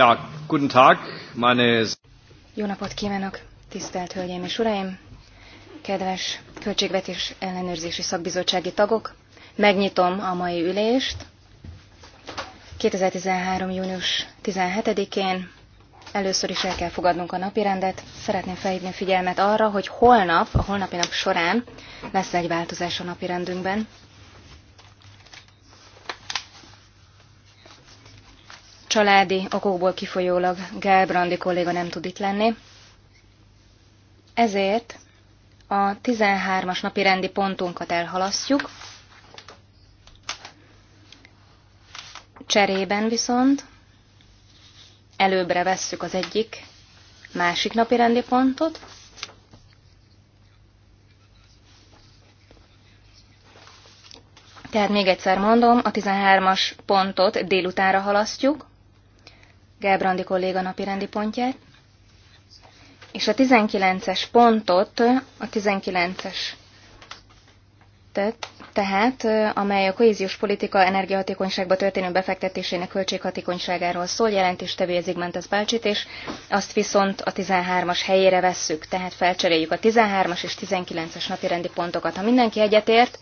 Ja, guten Tag, meine... Jó napot kívánok, tisztelt Hölgyeim és Uraim, kedves Költségvetés Ellenőrzési Szakbizottsági tagok. Megnyitom a mai ülést. 2013. június 17-én először is el kell fogadnunk a napirendet. Szeretném felhívni a figyelmet arra, hogy holnap, a holnapi nap során lesz egy változás a napirendünkben. családi okokból kifolyólag Gálbrandi kolléga nem tud itt lenni. Ezért a 13-as napi rendi pontunkat elhalasztjuk. Cserében viszont előbbre vesszük az egyik másik napi rendi pontot, Tehát még egyszer mondom, a 13-as pontot délutánra halasztjuk, Gelbrandi kolléga napi rendi pontját, és a 19-es pontot, a 19-es tehát, amely a kohéziós politika energiahatékonyságba történő befektetésének költséghatékonyságáról szól, jelentéstevője Zigmentes Bácsit, és azt viszont a 13-as helyére vesszük, tehát felcseréljük a 13-as és 19-es napirendi pontokat. Ha mindenki egyetért,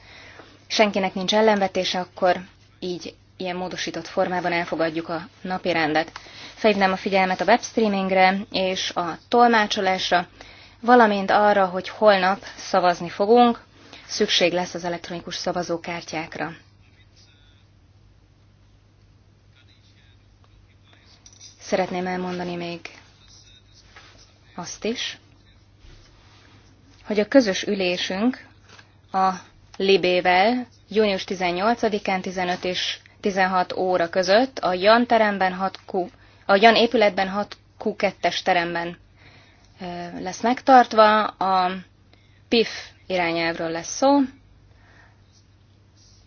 senkinek nincs ellenvetése, akkor így ilyen módosított formában elfogadjuk a napi rendet. Felhívnám a figyelmet a webstreamingre és a tolmácsolásra, valamint arra, hogy holnap szavazni fogunk, szükség lesz az elektronikus szavazókártyákra. Szeretném elmondani még azt is, hogy a közös ülésünk a Libével június 18-án 15 és 16 óra között a Jan teremben 6Q, a Jan épületben 6Q2-es teremben lesz megtartva. A PIF irányelvről lesz szó,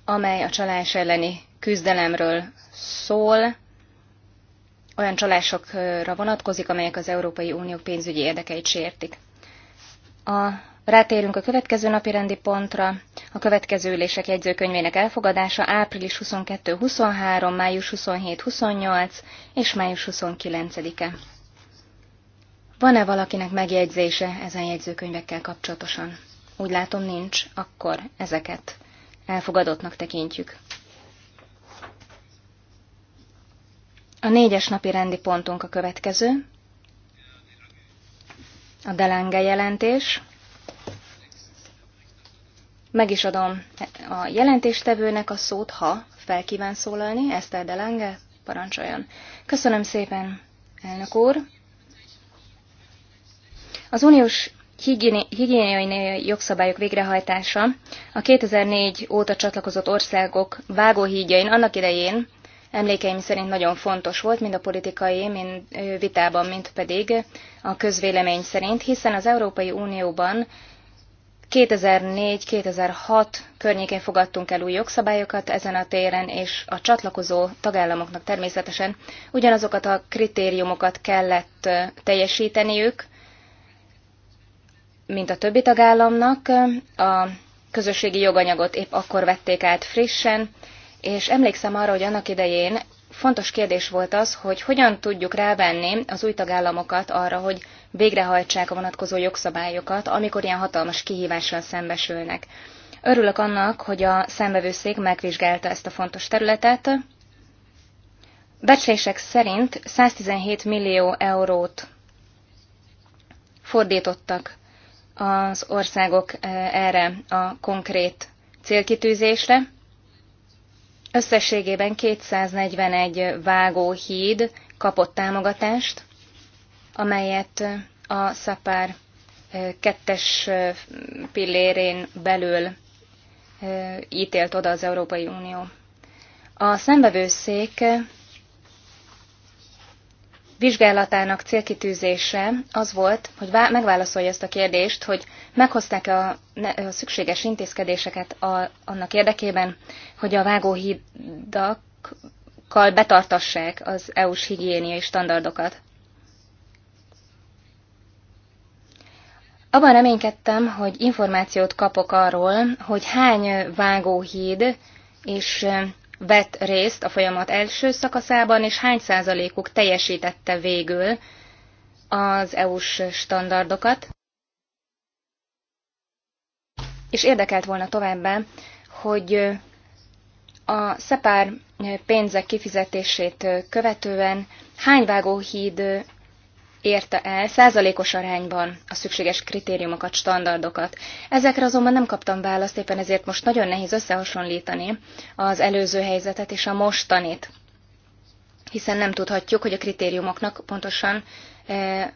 amely a csalás elleni küzdelemről szól, olyan csalásokra vonatkozik, amelyek az Európai Unió pénzügyi érdekeit sértik. A Rátérünk a következő napi rendi pontra. A következő ülések jegyzőkönyvének elfogadása április 22-23, május 27-28 és május 29-e. Van-e valakinek megjegyzése ezen jegyzőkönyvekkel kapcsolatosan? Úgy látom nincs, akkor ezeket elfogadottnak tekintjük. A négyes napi rendi pontunk a következő. A Delange jelentés. Meg is adom a jelentéstevőnek a szót, ha felkíván szólalni. Eszter de Lange, parancsoljon. Köszönöm szépen, elnök úr. Az uniós higiéniai jogszabályok végrehajtása a 2004 óta csatlakozott országok vágóhídjain annak idején emlékeim szerint nagyon fontos volt, mind a politikai mind vitában, mind pedig a közvélemény szerint, hiszen az Európai Unióban 2004-2006 környékén fogadtunk el új jogszabályokat ezen a téren, és a csatlakozó tagállamoknak természetesen ugyanazokat a kritériumokat kellett teljesíteniük, mint a többi tagállamnak. A közösségi joganyagot épp akkor vették át frissen, és emlékszem arra, hogy annak idején fontos kérdés volt az, hogy hogyan tudjuk rávenni az új tagállamokat arra, hogy végrehajtsák a vonatkozó jogszabályokat, amikor ilyen hatalmas kihívással szembesülnek. Örülök annak, hogy a szembevőszék megvizsgálta ezt a fontos területet. Becslések szerint 117 millió eurót fordítottak az országok eh, erre a konkrét célkitűzésre, Összességében 241 vágóhíd kapott támogatást, amelyet a szapár kettes pillérén belül ítélt oda az Európai Unió. A szembevőszék vizsgálatának célkitűzése az volt, hogy megválaszolja ezt a kérdést, hogy meghozták-e a, a szükséges intézkedéseket a, annak érdekében, hogy a vágóhídakkal betartassák az EU-s higiéniai standardokat. Abban reménykedtem, hogy információt kapok arról, hogy hány vágóhíd és vett részt a folyamat első szakaszában, és hány százalékuk teljesítette végül az EU-s standardokat. És érdekelt volna továbbá, hogy a szepár pénzek kifizetését követően hány vágóhíd érte el százalékos arányban a szükséges kritériumokat, standardokat. Ezekre azonban nem kaptam választ, éppen ezért most nagyon nehéz összehasonlítani az előző helyzetet és a mostanit, hiszen nem tudhatjuk, hogy a kritériumoknak pontosan e,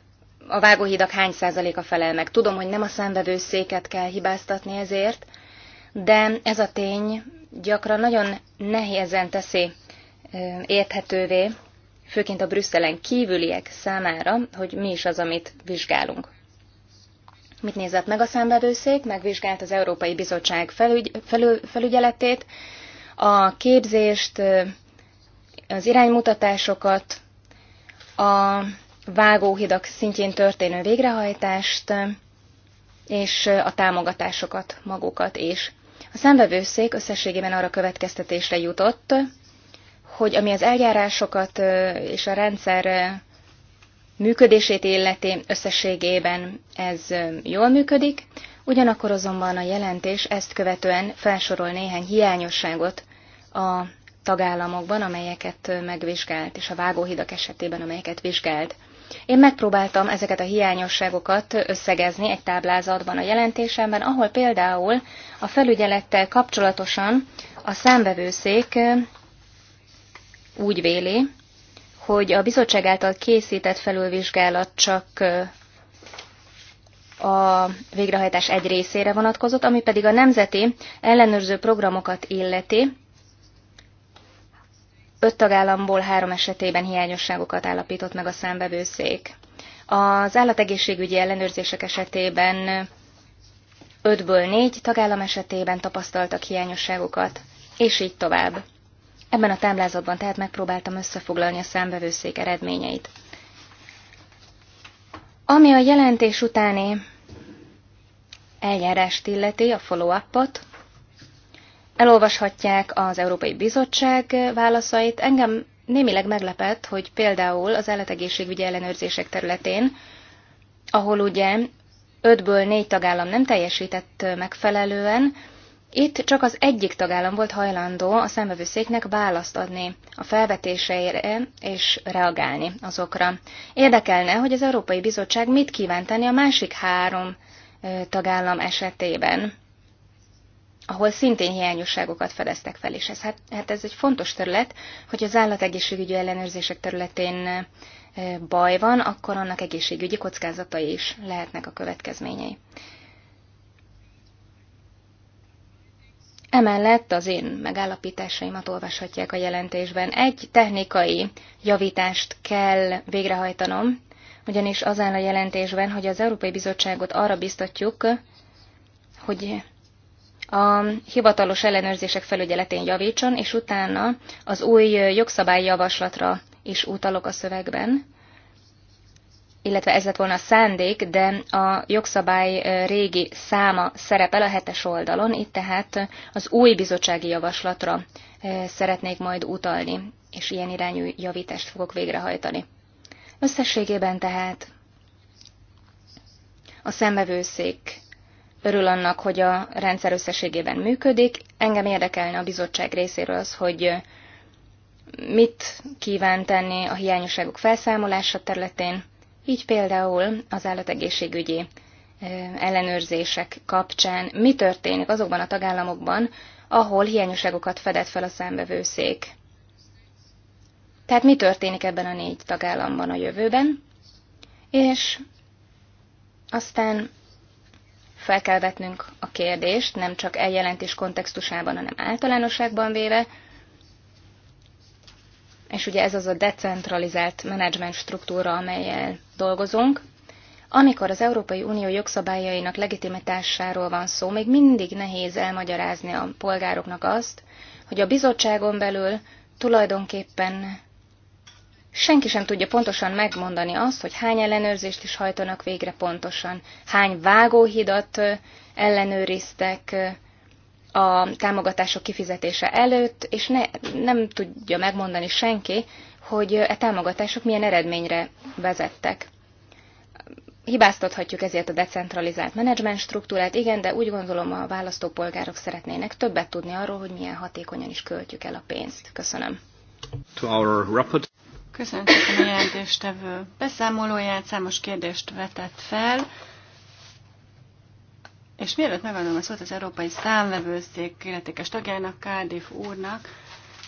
a vágóhídak hány százaléka felel meg. Tudom, hogy nem a széket kell hibáztatni ezért, de ez a tény gyakran nagyon nehézen teszi e, érthetővé főként a Brüsszelen kívüliek számára, hogy mi is az, amit vizsgálunk. Mit nézett meg a számbevőszék? Megvizsgált az Európai Bizottság felügy, felül, felügyeletét, a képzést, az iránymutatásokat, a vágóhidak szintjén történő végrehajtást, és a támogatásokat magukat is. A számbevőszék összességében arra következtetésre jutott, hogy ami az eljárásokat és a rendszer működését illeti összességében ez jól működik, ugyanakkor azonban a jelentés ezt követően felsorol néhány hiányosságot a tagállamokban, amelyeket megvizsgált, és a vágóhidak esetében, amelyeket vizsgált. Én megpróbáltam ezeket a hiányosságokat összegezni egy táblázatban a jelentésemben, ahol például a felügyelettel kapcsolatosan a számvevőszék úgy véli, hogy a bizottság által készített felülvizsgálat csak a végrehajtás egy részére vonatkozott, ami pedig a nemzeti ellenőrző programokat illeti. Öt tagállamból három esetében hiányosságokat állapított meg a számbevőszék. Az állategészségügyi ellenőrzések esetében ötből négy tagállam esetében tapasztaltak hiányosságokat, és így tovább. Ebben a táblázatban tehát megpróbáltam összefoglalni a számbevőszék eredményeit. Ami a jelentés utáni eljárást illeti, a follow-upot, elolvashatják az Európai Bizottság válaszait. Engem némileg meglepett, hogy például az állategészségügyi ellenőrzések területén, ahol ugye ötből négy tagállam nem teljesített megfelelően, itt csak az egyik tagállam volt hajlandó a szembevőszéknek választ adni a felvetéseire és reagálni azokra. Érdekelne, hogy az Európai Bizottság mit kíván tenni a másik három tagállam esetében, ahol szintén hiányosságokat fedeztek fel, és ez, hát, hát ez egy fontos terület, hogy az állategészségügyi ellenőrzések területén baj van, akkor annak egészségügyi kockázatai is lehetnek a következményei. Emellett az én megállapításaimat olvashatják a jelentésben. Egy technikai javítást kell végrehajtanom, ugyanis az áll a jelentésben, hogy az Európai Bizottságot arra biztatjuk, hogy a hivatalos ellenőrzések felügyeletén javítson, és utána az új jogszabályjavaslatra is utalok a szövegben, illetve ez lett volna a szándék, de a jogszabály régi száma szerepel a hetes oldalon, itt tehát az új bizottsági javaslatra szeretnék majd utalni, és ilyen irányú javítást fogok végrehajtani. Összességében tehát a szembevőszék örül annak, hogy a rendszer összességében működik. Engem érdekelne a bizottság részéről az, hogy mit kíván tenni a hiányosságok felszámolása területén, így például az állategészségügyi ellenőrzések kapcsán mi történik azokban a tagállamokban, ahol hiányosságokat fedett fel a számbevőszék. Tehát mi történik ebben a négy tagállamban a jövőben, és aztán fel kell vetnünk a kérdést, nem csak eljelentés kontextusában, hanem általánosságban véve, és ugye ez az a decentralizált menedzsment struktúra, amelyel dolgozunk, amikor az Európai Unió jogszabályainak legitimitásáról van szó, még mindig nehéz elmagyarázni a polgároknak azt, hogy a bizottságon belül tulajdonképpen senki sem tudja pontosan megmondani azt, hogy hány ellenőrzést is hajtanak végre pontosan, hány vágóhidat ellenőriztek, a támogatások kifizetése előtt, és ne, nem tudja megmondani senki, hogy e támogatások milyen eredményre vezettek. Hibáztathatjuk ezért a decentralizált menedzsment struktúrát, igen, de úgy gondolom a választópolgárok szeretnének többet tudni arról, hogy milyen hatékonyan is költjük el a pénzt. Köszönöm. To our Köszönöm a jelentéstevő beszámolóját, számos kérdést vetett fel. És mielőtt megadom a szót az Európai Számvevőszék illetékes tagjának, Cardiff úrnak,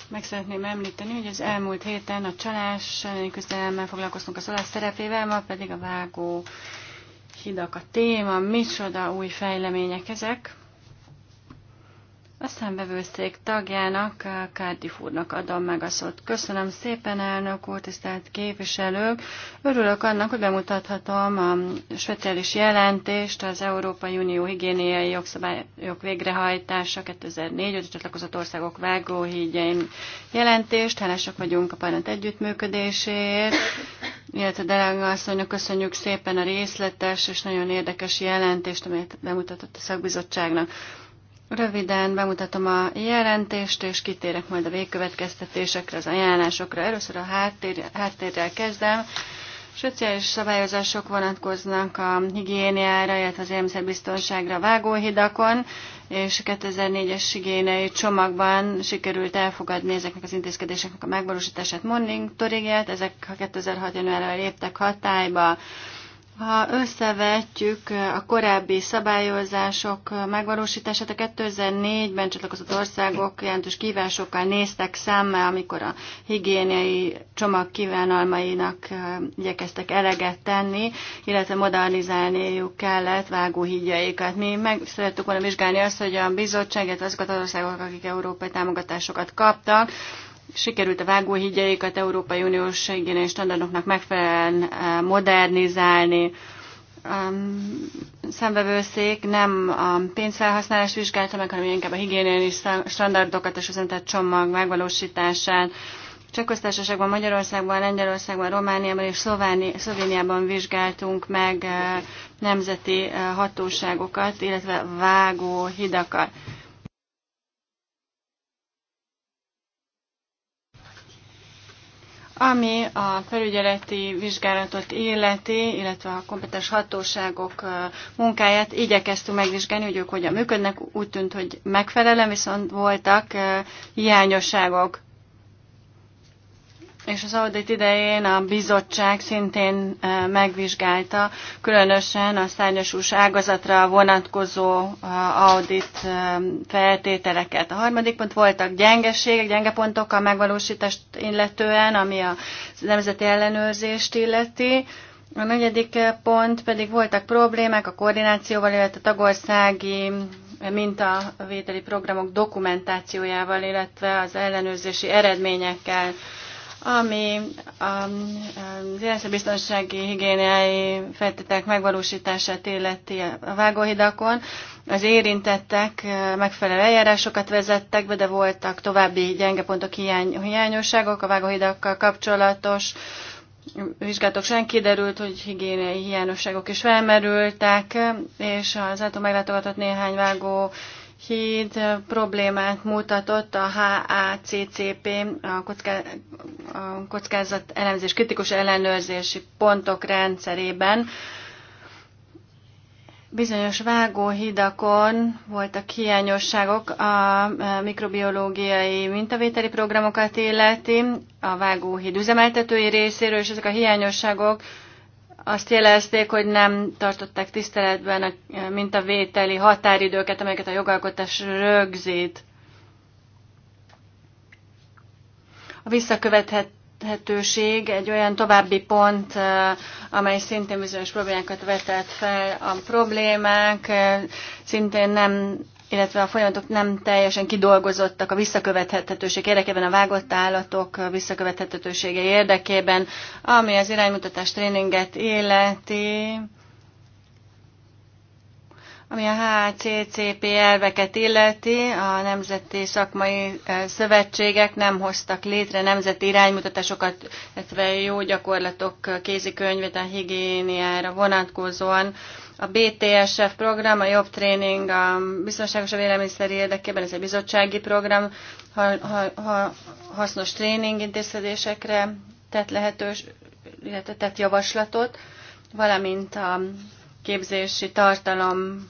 meg szeretném említeni, hogy az elmúlt héten a csalás elleni küzdelemmel foglalkoztunk az olasz szerepével, ma pedig a vágó hidak a téma, micsoda új fejlemények ezek. A számvevőszék tagjának, Cardiff úrnak adom meg a szót. Köszönöm szépen, elnök úr, tisztelt képviselők. Örülök annak, hogy bemutathatom a speciális jelentést az Európai Unió higiéniai jogszabályok végrehajtása 2004 5 csatlakozott országok vágóhígyein jelentést. Hálásak vagyunk a parlament együttműködéséért, illetve Delega asszonynak köszönjük szépen a részletes és nagyon érdekes jelentést, amelyet bemutatott a szakbizottságnak. Röviden bemutatom a jelentést, és kitérek majd a végkövetkeztetésekre, az ajánlásokra. Először a háttér, háttérrel kezdem. Szociális szabályozások vonatkoznak a higiéniára, illetve az élmiszerbiztonságra vágóhidakon, és 2004-es higiéniai csomagban sikerült elfogadni ezeknek az intézkedéseknek a megvalósítását, monitoringját. Ezek 2006. januárra léptek hatályba. Ha összevetjük eh, a korábbi szabályozások megvalósítását, a 2004-ben csatlakozott országok jelentős kívásokkal néztek szemmel, amikor a higiéniai csomag kívánalmainak eh, igyekeztek eleget tenni, illetve modernizálniuk kellett vágóhídjaikat. Mi meg szerettük volna vizsgálni azt, hogy a bizottság, illetve azokat az országok, akik európai támogatásokat kaptak, sikerült a vágóhídjaikat Európai Uniós segélyén és standardoknak megfelelően eh, modernizálni. A szembevőszék nem a pénzfelhasználás vizsgálta meg, hanem inkább a higiéniai standardokat és az öntett csomag megvalósítását. Csehköztársaságban, Magyarországban, Lengyelországban, Romániában és Szlovéniában vizsgáltunk meg eh, nemzeti eh, hatóságokat, illetve vágó hidakat. Ami a felügyeleti vizsgálatot illeti, illetve a kompetens hatóságok munkáját igyekeztünk megvizsgálni, hogy ők hogyan működnek. Úgy tűnt, hogy megfelelően, viszont voltak hiányosságok. És az audit idején a bizottság szintén e, megvizsgálta, különösen a szárnyasús ágazatra vonatkozó e, audit e, feltételeket. A harmadik pont voltak gyengeségek, gyenge pontok a megvalósítást illetően, ami a nemzeti ellenőrzést illeti. A negyedik pont pedig voltak problémák a koordinációval, illetve a tagországi mintavételi programok dokumentációjával, illetve az ellenőrzési eredményekkel ami um, az élelmiszerbiztonsági higiéniai feltételek megvalósítását illeti a vágóhidakon. Az érintettek uh, megfelelő eljárásokat vezettek be, de voltak további gyenge pontok, hiány, hiányosságok a vágóhidakkal kapcsolatos vizsgálatok során kiderült, hogy higiéniai hiányosságok is felmerültek, és az által meglátogatott néhány vágó híd problémát mutatott a HACCP, a, kockázat elemzés kritikus ellenőrzési pontok rendszerében. Bizonyos vágóhidakon voltak hiányosságok a mikrobiológiai mintavételi programokat illeti, a vágóhíd üzemeltetői részéről, és ezek a hiányosságok azt jelezték, hogy nem tartották tiszteletben a mintavételi határidőket, amelyeket a jogalkotás rögzít. A visszakövethetőség egy olyan további pont, eh, amely szintén bizonyos problémákat vetett fel. A problémák eh, szintén nem illetve a folyamatok nem teljesen kidolgozottak a visszakövethetőség érdekében, a vágott állatok visszakövethetősége érdekében, ami az iránymutatás tréninget illeti, ami a HCCP elveket illeti, a Nemzeti Szakmai eh, Szövetségek nem hoztak létre nemzeti iránymutatásokat, illetve jó gyakorlatok eh, kézikönyvet a higiéniára vonatkozóan, a BTSF program, a jobb tréning, a a élelmiszer érdekében, ez egy bizottsági program, ha, ha, ha hasznos tréning intézkedésekre tett lehetős, illetve tett javaslatot, valamint a képzési tartalom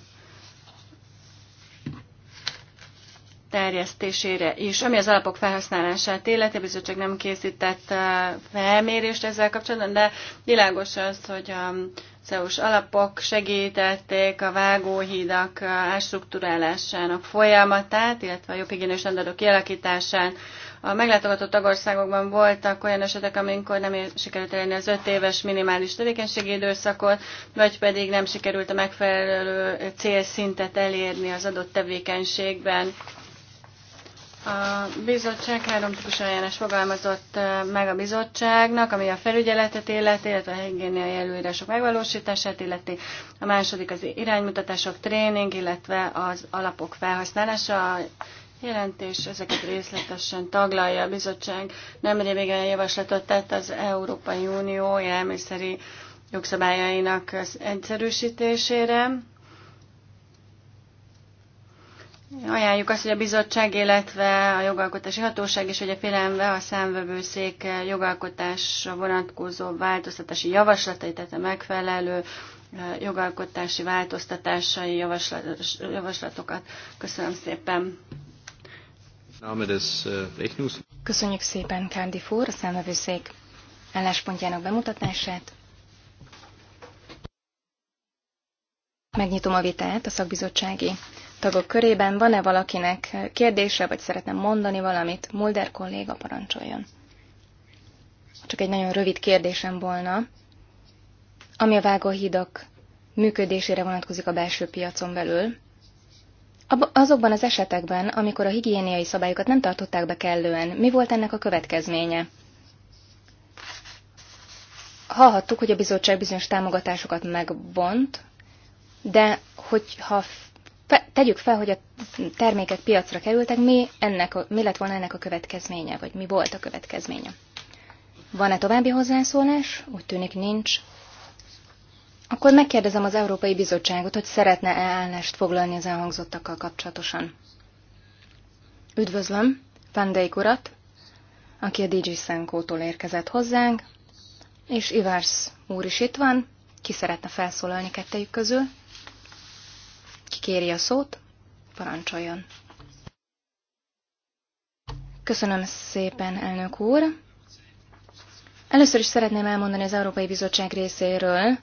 terjesztésére is. Ami az alapok felhasználását illeti, a bizottság nem készített eh, felmérést ezzel kapcsolatban, de világos az, hogy a um, CEUS alapok segítették a vágóhídak elstruktúrálásának folyamatát, illetve a jobbigénős standardok kialakításán. A meglátogatott tagországokban voltak olyan esetek, amikor nem sikerült elérni az öt éves minimális tevékenységi időszakot, vagy pedig nem sikerült a megfelelő célszintet elérni az adott tevékenységben. A bizottság három típusú ajánlás fogalmazott meg a bizottságnak, ami a felügyeletet illeti, illetve a higiéniai előírások megvalósítását illeti. A második az iránymutatások, tréning, illetve az alapok felhasználása. A jelentés ezeket részletesen taglalja a bizottság. Nemrégiben javaslatot tett az Európai Unió élelmiszeri jogszabályainak egyszerűsítésére Ajánljuk azt, hogy a bizottság, illetve a jogalkotási hatóság is a félelme a számvevőszék jogalkotásra vonatkozó változtatási javaslatai, tehát a megfelelő jogalkotási változtatásai javaslatokat. Köszönöm szépen. Köszönjük szépen Kándi Fúr, a számvevőszék álláspontjának bemutatását. Megnyitom a vitát a szakbizottsági tagok körében van-e valakinek kérdése, vagy szeretne mondani valamit? Mulder kolléga parancsoljon. Csak egy nagyon rövid kérdésem volna. Ami a vágóhidak működésére vonatkozik a belső piacon belül, azokban az esetekben, amikor a higiéniai szabályokat nem tartották be kellően, mi volt ennek a következménye? Hallhattuk, hogy a bizottság bizonyos támogatásokat megvont, de hogyha fe, tegyük fel, hogy a termékek piacra kerültek, mi, ennek a, mi lett volna ennek a következménye, vagy mi volt a következménye. Van-e további hozzászólás? Úgy tűnik nincs. Akkor megkérdezem az Európai Bizottságot, hogy szeretne-e állást foglalni az elhangzottakkal kapcsolatosan. Üdvözlöm Pandeik urat, aki a DJ Szenkótól érkezett hozzánk, és Ivars úr is itt van, ki szeretne felszólalni kettejük közül. Ki kéri a szót? Parancsoljon. Köszönöm szépen, elnök úr. Először is szeretném elmondani az Európai Bizottság részéről,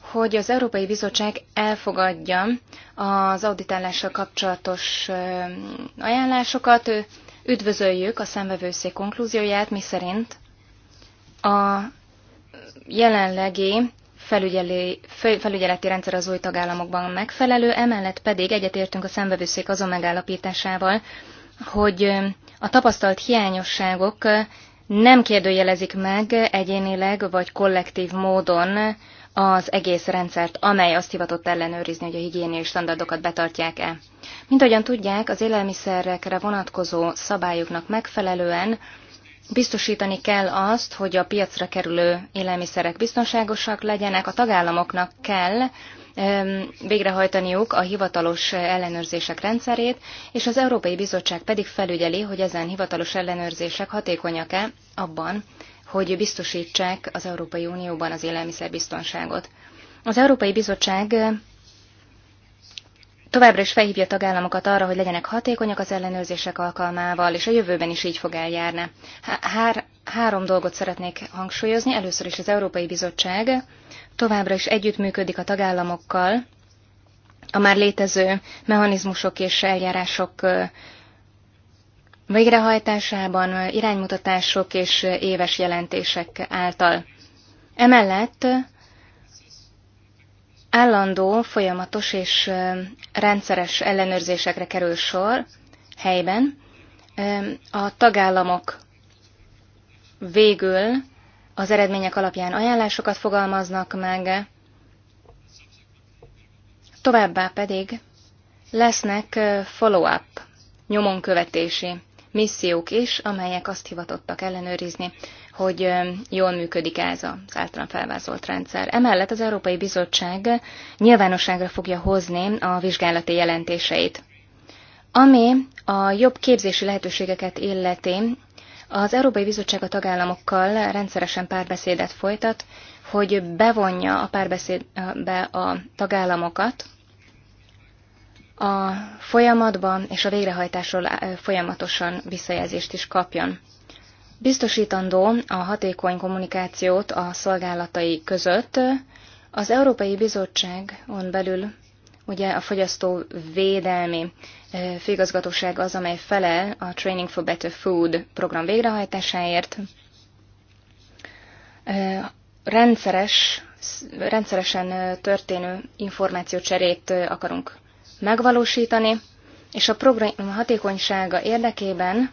hogy az Európai Bizottság elfogadja az auditálással kapcsolatos ajánlásokat. Üdvözöljük a szemvevőszék konklúzióját, miszerint a jelenlegi felügyeleti rendszer az új tagállamokban megfelelő, emellett pedig egyetértünk a szembevőszék azon megállapításával, hogy a tapasztalt hiányosságok nem kérdőjelezik meg egyénileg vagy kollektív módon az egész rendszert, amely azt hivatott ellenőrizni, hogy a higiéniai standardokat betartják-e. Mint ahogyan tudják, az élelmiszerekre vonatkozó szabályoknak megfelelően Biztosítani kell azt, hogy a piacra kerülő élelmiszerek biztonságosak legyenek, a tagállamoknak kell végrehajtaniuk a hivatalos ellenőrzések rendszerét, és az Európai Bizottság pedig felügyeli, hogy ezen hivatalos ellenőrzések hatékonyak-e abban, hogy biztosítsák az Európai Unióban az élelmiszerbiztonságot. Az Európai Bizottság Továbbra is felhívja a tagállamokat arra, hogy legyenek hatékonyak az ellenőrzések alkalmával, és a jövőben is így fog eljárni. Hár, három dolgot szeretnék hangsúlyozni. Először is az Európai Bizottság továbbra is együttműködik a tagállamokkal a már létező mechanizmusok és eljárások végrehajtásában, iránymutatások és éves jelentések által. Emellett állandó, folyamatos és rendszeres ellenőrzésekre kerül sor helyben. A tagállamok végül az eredmények alapján ajánlásokat fogalmaznak meg, továbbá pedig lesznek follow-up, nyomonkövetési missziók is, amelyek azt hivatottak ellenőrizni, hogy jól működik ez az általán felvázolt rendszer. Emellett az Európai Bizottság nyilvánosságra fogja hozni a vizsgálati jelentéseit. Ami a jobb képzési lehetőségeket illeti, az Európai Bizottság a tagállamokkal rendszeresen párbeszédet folytat, hogy bevonja a párbeszédbe a tagállamokat, a folyamatban és a végrehajtásról folyamatosan visszajelzést is kapjon biztosítandó a hatékony kommunikációt a szolgálatai között. Az Európai Bizottságon belül ugye a fogyasztó védelmi főigazgatóság az, amely felel a Training for Better Food program végrehajtásáért. Rendszeres, rendszeresen történő információcserét akarunk megvalósítani, és a program hatékonysága érdekében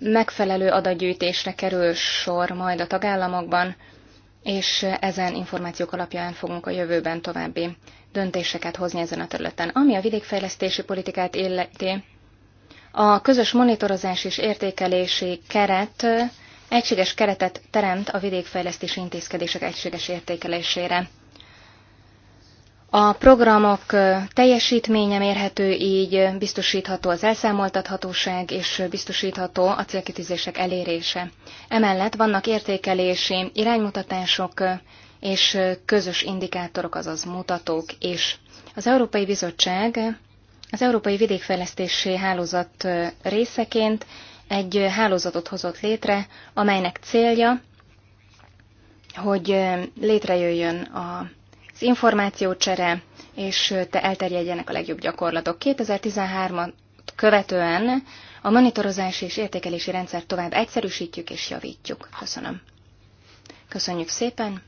megfelelő adatgyűjtésre kerül sor majd a tagállamokban, és ezen információk alapján fogunk a jövőben további döntéseket hozni ezen a területen. Ami a vidékfejlesztési politikát illeti, a közös monitorozás és értékelési keret egységes keretet teremt a vidékfejlesztési intézkedések egységes értékelésére. A programok teljesítménye mérhető, így biztosítható az elszámoltathatóság és biztosítható a célkitűzések elérése. Emellett vannak értékelési iránymutatások és közös indikátorok, azaz mutatók is. Az Európai Bizottság az Európai Vidékfejlesztési Hálózat részeként egy hálózatot hozott létre, amelynek célja, hogy létrejöjjön a az információcsere, és te elterjedjenek a legjobb gyakorlatok. 2013-at követően a monitorozási és értékelési rendszer tovább egyszerűsítjük és javítjuk. Köszönöm. Köszönjük szépen.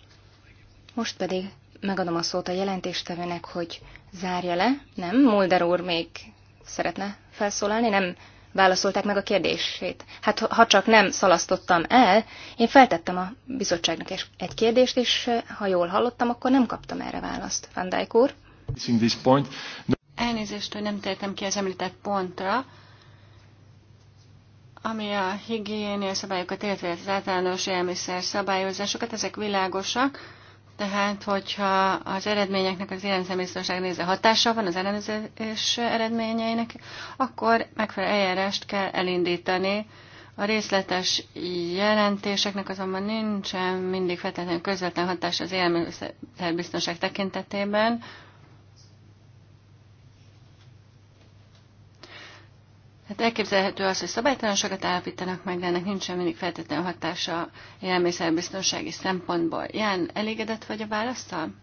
Most pedig megadom a szót a jelentéstevőnek, hogy zárja le. Nem, Mulder úr még szeretne felszólalni, nem válaszolták meg a kérdését. Hát ha csak nem szalasztottam el, én feltettem a bizottságnak egy kérdést, és eh, ha jól hallottam, akkor nem kaptam erre választ. Van Dijk úr? Elnézést, hogy nem tértem ki az említett pontra, ami a higiénia szabályokat, illetve az általános élmiszer szabályozásokat, ezek világosak. Tehát, hogyha az eredményeknek az élelmiszerbiztonság nézve hatása van az ellenőrzés eredményeinek, akkor megfelelő eljárást kell elindítani. A részletes jelentéseknek azonban nincsen mindig feltétlenül közvetlen hatás az élelmiszerbiztonság tekintetében. Hát elképzelhető az, hogy szabálytalanságot állapítanak meg, de ennek nincsen mindig feltétlenül hatása élelmiszerbiztonsági szempontból. Ján, elégedett vagy a választal?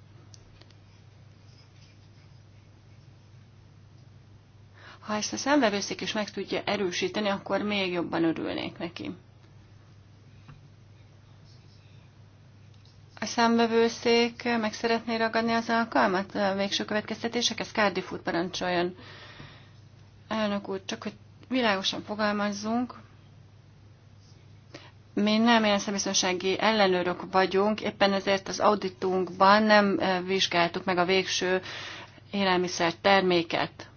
Ha ezt a szemvevőszék is meg tudja erősíteni, akkor még jobban örülnék neki. A szemvevőszék meg szeretné ragadni az alkalmat? A végső következtetések? Ez Cardiff út parancsoljon. Elnök úr, csak hogy világosan fogalmazzunk, mi nem élelmiszerbiztonsági ellenőrök vagyunk, éppen ezért az auditunkban nem eh, vizsgáltuk meg a végső élelmiszer terméket.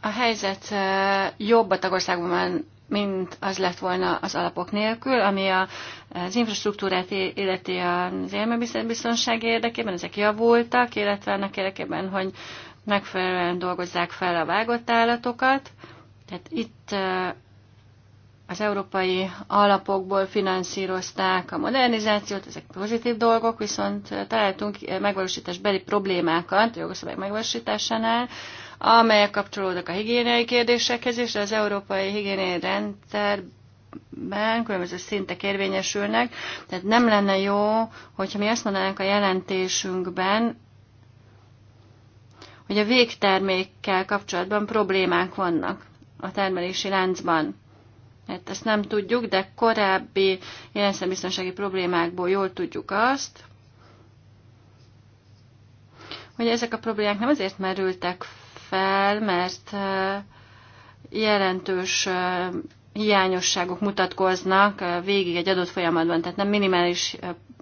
A helyzet eh, jobb a tagországban mint az lett volna az alapok nélkül, ami a, az infrastruktúrát illeti az élelmiszerbiztonság érdekében, ezek javultak, illetve annak érdekében, hogy megfelelően dolgozzák fel a vágott állatokat. Tehát itt az európai alapokból finanszírozták a modernizációt, ezek pozitív dolgok, viszont találtunk megvalósításbeli problémákat a jogszabály megvalósításánál, amelyek kapcsolódnak a higiéniai kérdésekhez, és az európai higiéniai rendszerben különböző szintek érvényesülnek. Tehát nem lenne jó, hogyha mi azt mondanánk a jelentésünkben, hogy a végtermékkel kapcsolatban problémák vannak a termelési láncban. Hát ezt nem tudjuk, de korábbi jelenszerbiztonsági problémákból jól tudjuk azt, hogy ezek a problémák nem azért merültek fel, mert jelentős hiányosságok mutatkoznak végig egy adott folyamatban, tehát nem minimális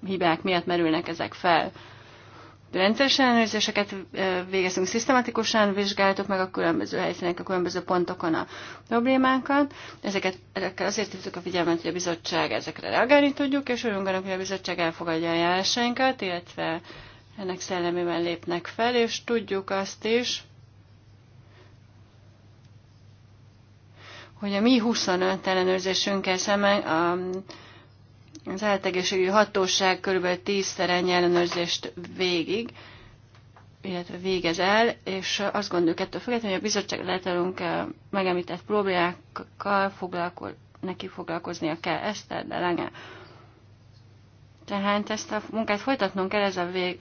hibák miatt merülnek ezek fel. Rendszeres ellenőrzéseket végezünk szisztematikusan, vizsgáltuk meg a különböző helyszínek, a különböző pontokon a problémákat. Ezeket ezekkel azért hívtuk a figyelmet, hogy a bizottság ezekre reagálni tudjuk, és örülünk annak, hogy a bizottság elfogadja a járásainkat, illetve ennek szellemében lépnek fel, és tudjuk azt is, hogy a mi 25 ellenőrzésünkkel szemben a, az eltegészségügyi hatóság kb. 10 szerennyi ellenőrzést végig, illetve végez el, és azt gondoljuk ettől függetlenül, hogy a bizottság általunk eh, megemlített problémákkal foglalko, neki foglalkoznia kell ezt, de lenne. Tehát ezt a munkát folytatnunk kell, ez a vég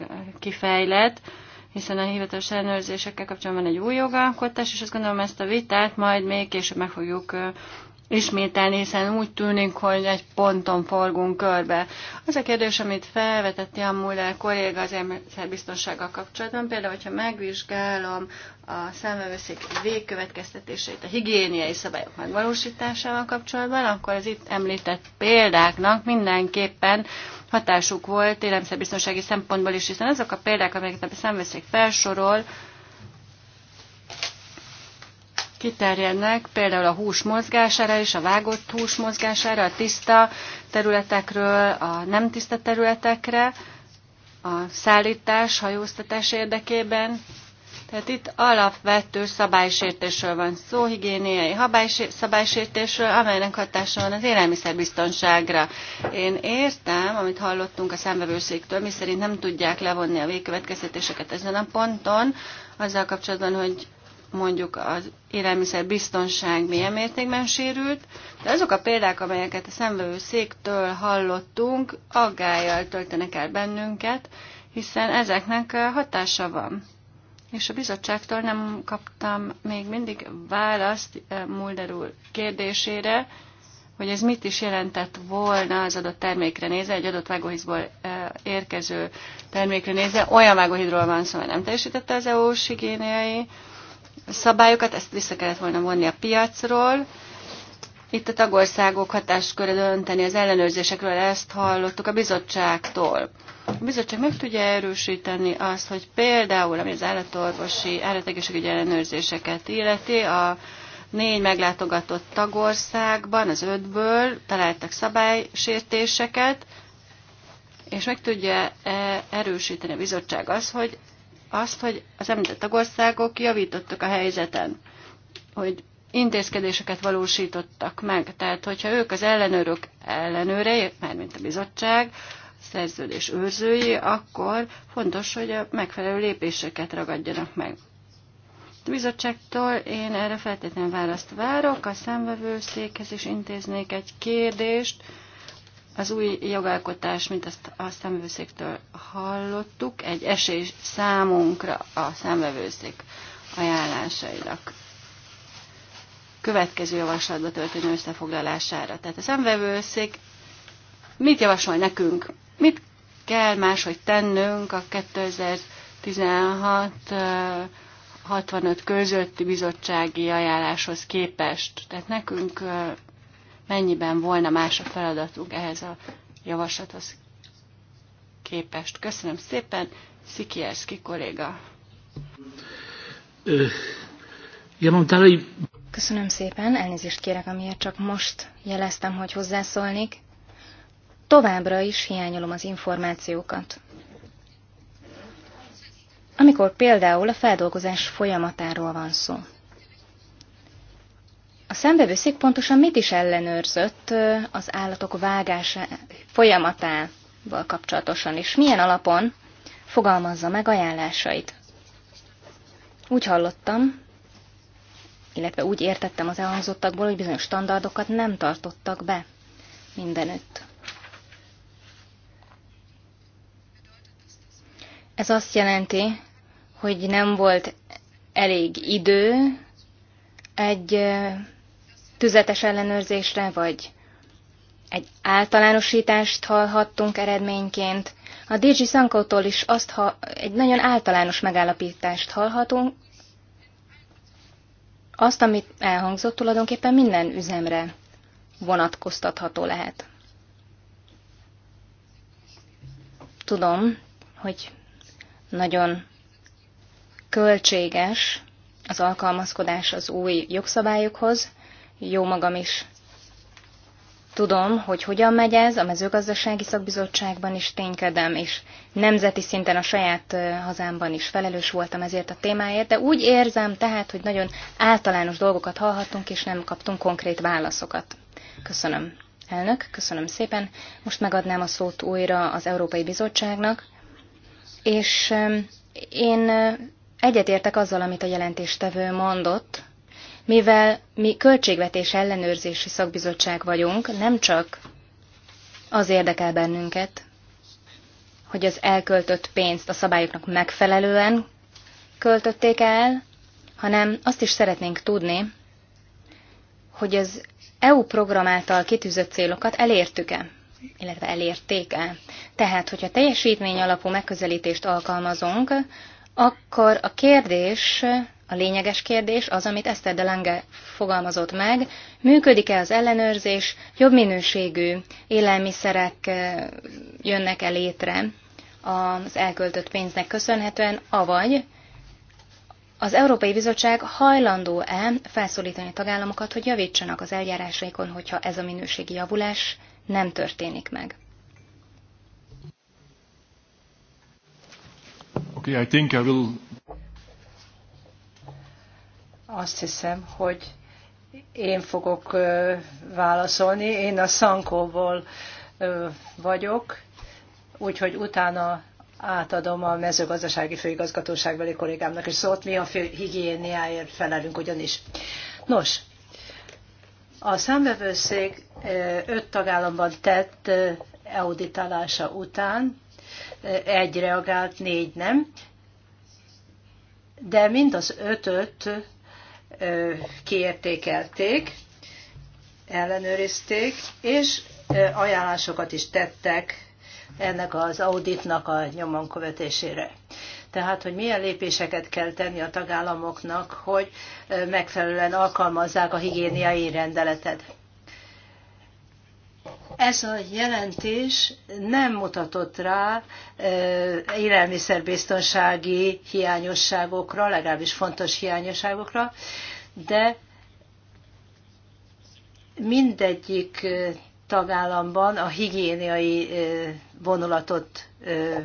hiszen a hivatalos ellenőrzésekkel kapcsolatban egy új jogalkotás, és azt gondolom ezt a vitát majd még később meg fogjuk ismételni, hiszen úgy tűnik, hogy egy ponton forgunk körbe. Az a kérdés, amit felvetett a Muller kolléga az élelmiszerbiztonsággal kapcsolatban, például, hogyha megvizsgálom a számvevőszék végkövetkeztetéseit a higiéniai szabályok megvalósításával kapcsolatban, akkor az itt említett példáknak mindenképpen hatásuk volt élelmiszerbiztonsági szempontból is, hiszen azok a példák, amelyeket a szemveszék felsorol, kiterjednek például a hús mozgására és a vágott hús mozgására, a tiszta területekről a nem tiszta területekre, a szállítás, hajóztatás érdekében, tehát itt alapvető szabálysértésről van szó, higiéniai szabálysértésről, amelynek hatása van az élelmiszerbiztonságra. Én értem, amit hallottunk a mi miszerint nem tudják levonni a végkövetkeztetéseket ezen a ponton, azzal kapcsolatban, hogy mondjuk az élelmiszer biztonság milyen mértékben sérült, de azok a példák, amelyeket a szemvevő széktől hallottunk, aggájjal töltenek el bennünket, hiszen ezeknek hatása van és a bizottságtól nem kaptam még mindig választ eh, Mulder úr kérdésére, hogy ez mit is jelentett volna az adott termékre nézve, egy adott vágóhízból eh, érkező termékre nézve, olyan vágóhídról van szó, szóval nem teljesítette az EU-s szabályokat, ezt vissza kellett volna vonni a piacról, itt a tagországok hatásköre dönteni az ellenőrzésekről, ezt hallottuk a bizottságtól. A bizottság meg tudja erősíteni azt, hogy például, ami az állatorvosi, állategészségügyi ellenőrzéseket illeti, a négy meglátogatott tagországban, az ötből találtak szabálysértéseket, és meg tudja -e erősíteni a bizottság azt, hogy, azt, hogy az említett tagországok javítottak a helyzeten, hogy intézkedéseket valósítottak meg. Tehát, hogyha ők az ellenőrök ellenőre, mármint a bizottság, szerződés őrzői, akkor fontos, hogy a megfelelő lépéseket ragadjanak meg. A bizottságtól én erre feltétlenül választ várok, a számvevőszékhez is intéznék egy kérdést. Az új jogalkotás, mint azt a számvevőszéktől hallottuk, egy esély számunkra a számvevőszék ajánlásainak következő javaslatba történő összefoglalására. Tehát a szemvevőszék mit javasol nekünk? Mit kell máshogy tennünk a 2016 65 közötti bizottsági ajánláshoz képest. Tehát nekünk mennyiben volna más a feladatunk ehhez a javaslathoz képest. Köszönöm szépen, Szikierszki kolléga. Ja mondtál, hogy... Köszönöm szépen, elnézést kérek, amiért csak most jeleztem, hogy hozzászólnék. Továbbra is hiányolom az információkat. Amikor például a feldolgozás folyamatáról van szó. A szembevőszék pontosan mit is ellenőrzött az állatok vágása folyamatával kapcsolatosan, és milyen alapon fogalmazza meg ajánlásait? Úgy hallottam, illetve úgy értettem az elhangzottakból, hogy bizonyos standardokat nem tartottak be mindenütt. Ez azt jelenti, hogy nem volt elég idő egy tüzetes ellenőrzésre, vagy egy általánosítást hallhattunk eredményként. A DG Sankótól is azt ha egy nagyon általános megállapítást hallhatunk, azt, amit elhangzott, tulajdonképpen minden üzemre vonatkoztatható lehet. Tudom, hogy nagyon költséges az alkalmazkodás az új jogszabályokhoz, jó magam is Tudom, hogy hogyan megy ez, a mezőgazdasági szakbizottságban is ténykedem, és nemzeti szinten a saját hazámban is felelős voltam ezért a témáért, de úgy érzem tehát, hogy nagyon általános dolgokat hallhattunk, és nem kaptunk konkrét válaszokat. Köszönöm. Elnök, köszönöm szépen. Most megadnám a szót újra az Európai Bizottságnak, és én egyetértek azzal, amit a jelentéstevő mondott, mivel mi költségvetés ellenőrzési szakbizottság vagyunk, nem csak az érdekel bennünket, hogy az elköltött pénzt a szabályoknak megfelelően költötték el, hanem azt is szeretnénk tudni, hogy az EU program által kitűzött célokat elértük-e, illetve elérték-e. Tehát, hogyha teljesítmény alapú megközelítést alkalmazunk, akkor a kérdés a lényeges kérdés az, amit Eszter de Lange fogalmazott meg, működik-e az ellenőrzés, jobb minőségű élelmiszerek eh, jönnek-e létre az elköltött pénznek köszönhetően, avagy az Európai Bizottság hajlandó-e felszólítani a tagállamokat, hogy javítsanak az eljárásaikon, hogyha ez a minőségi javulás nem történik meg? Okay, I think I will azt hiszem, hogy én fogok válaszolni. Én a Szankóból vagyok, úgyhogy utána átadom a mezőgazdasági főigazgatóságbeli kollégámnak és szólt mi a higiéniáért felelünk ugyanis. Nos, a számvevőszék öt tagállamban tett auditálása után egy reagált, négy nem, de mind az ötöt kiértékelték, ellenőrizték, és ajánlásokat is tettek ennek az auditnak a nyomon követésére. Tehát, hogy milyen lépéseket kell tenni a tagállamoknak, hogy megfelelően alkalmazzák a higiéniai rendeletet. Ez a jelentés nem mutatott rá élelmiszerbiztonsági hiányosságokra, legalábbis fontos hiányosságokra, de mindegyik tagállamban a higiéniai vonulatot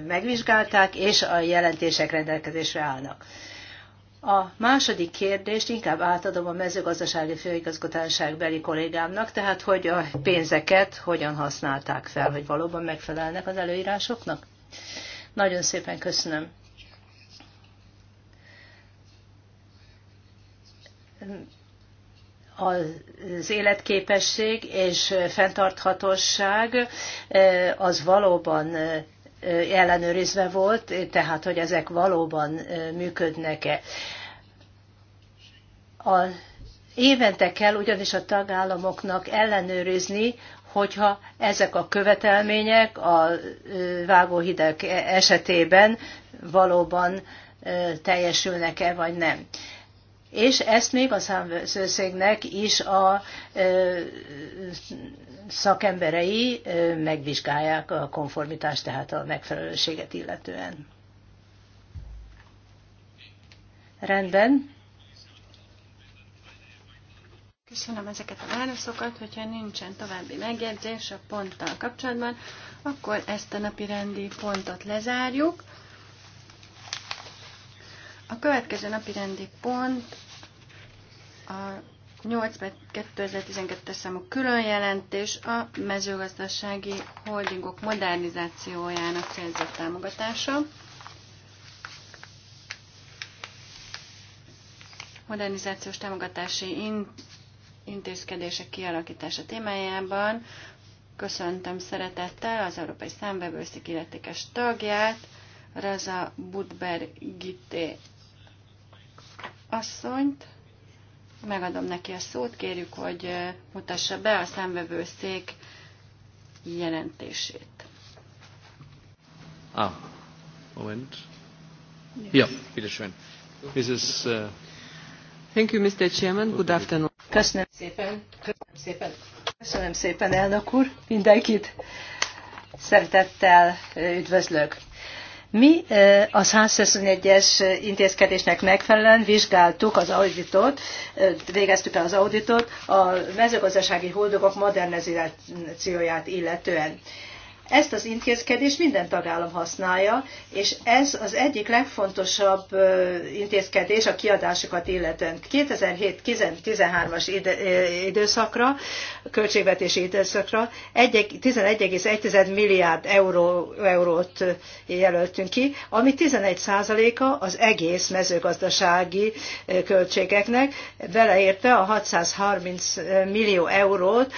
megvizsgálták, és a jelentések rendelkezésre állnak. A második kérdést inkább átadom a mezőgazdasági főigazgatáság beli kollégámnak, tehát hogy a pénzeket hogyan használták fel, hogy valóban megfelelnek az előírásoknak. Nagyon szépen köszönöm. az életképesség és fenntarthatóság eh, az valóban eh, ellenőrizve volt, tehát hogy ezek valóban működnek-e. A, évente kell ugyanis a tagállamoknak ellenőrizni, hogyha ezek a követelmények a vágóhidek e-, esetében valóban teljesülnek-e vagy nem és ezt még a számvőszőszégnek is a szakemberei megvizsgálják a konformitást, tehát a megfelelőséget illetően. Rendben. Köszönöm ezeket a válaszokat, hogyha nincsen további megjegyzés a ponttal kapcsolatban, akkor ezt a napi rendi pontot lezárjuk. A következő napi rendi pont a 8 2012 számú különjelentés a mezőgazdasági holdingok modernizációjának célzott támogatása. Modernizációs támogatási in intézkedések kialakítása témájában köszöntöm szeretettel az Európai Számbevőszik illetékes tagját, Raza Budber Gitté asszonyt, megadom neki a szót, kérjük, hogy mutassa be a szék jelentését. Ah, moment. Yes. Ja, bitteschön. Mrs. Uh... Thank you, Mr. Chairman. Good afternoon. Köszönöm szépen. Köszönöm szépen. Köszönöm szépen, elnök úr, mindenkit. Szeretettel üdvözlök. Mi eh, a 121-es eh, intézkedésnek megfelelően vizsgáltuk az auditot, eh, végeztük el az auditot a mezőgazdasági holdokok modernizációját illetően. Ezt az intézkedést minden tagállam használja, és ez az egyik legfontosabb intézkedés a kiadásokat illetően. 2007 2013 as időszakra, költségvetési időszakra 11,1 milliárd euró, eurót jelöltünk ki, ami 11%-a az egész mezőgazdasági költségeknek, beleérte a 630 millió eurót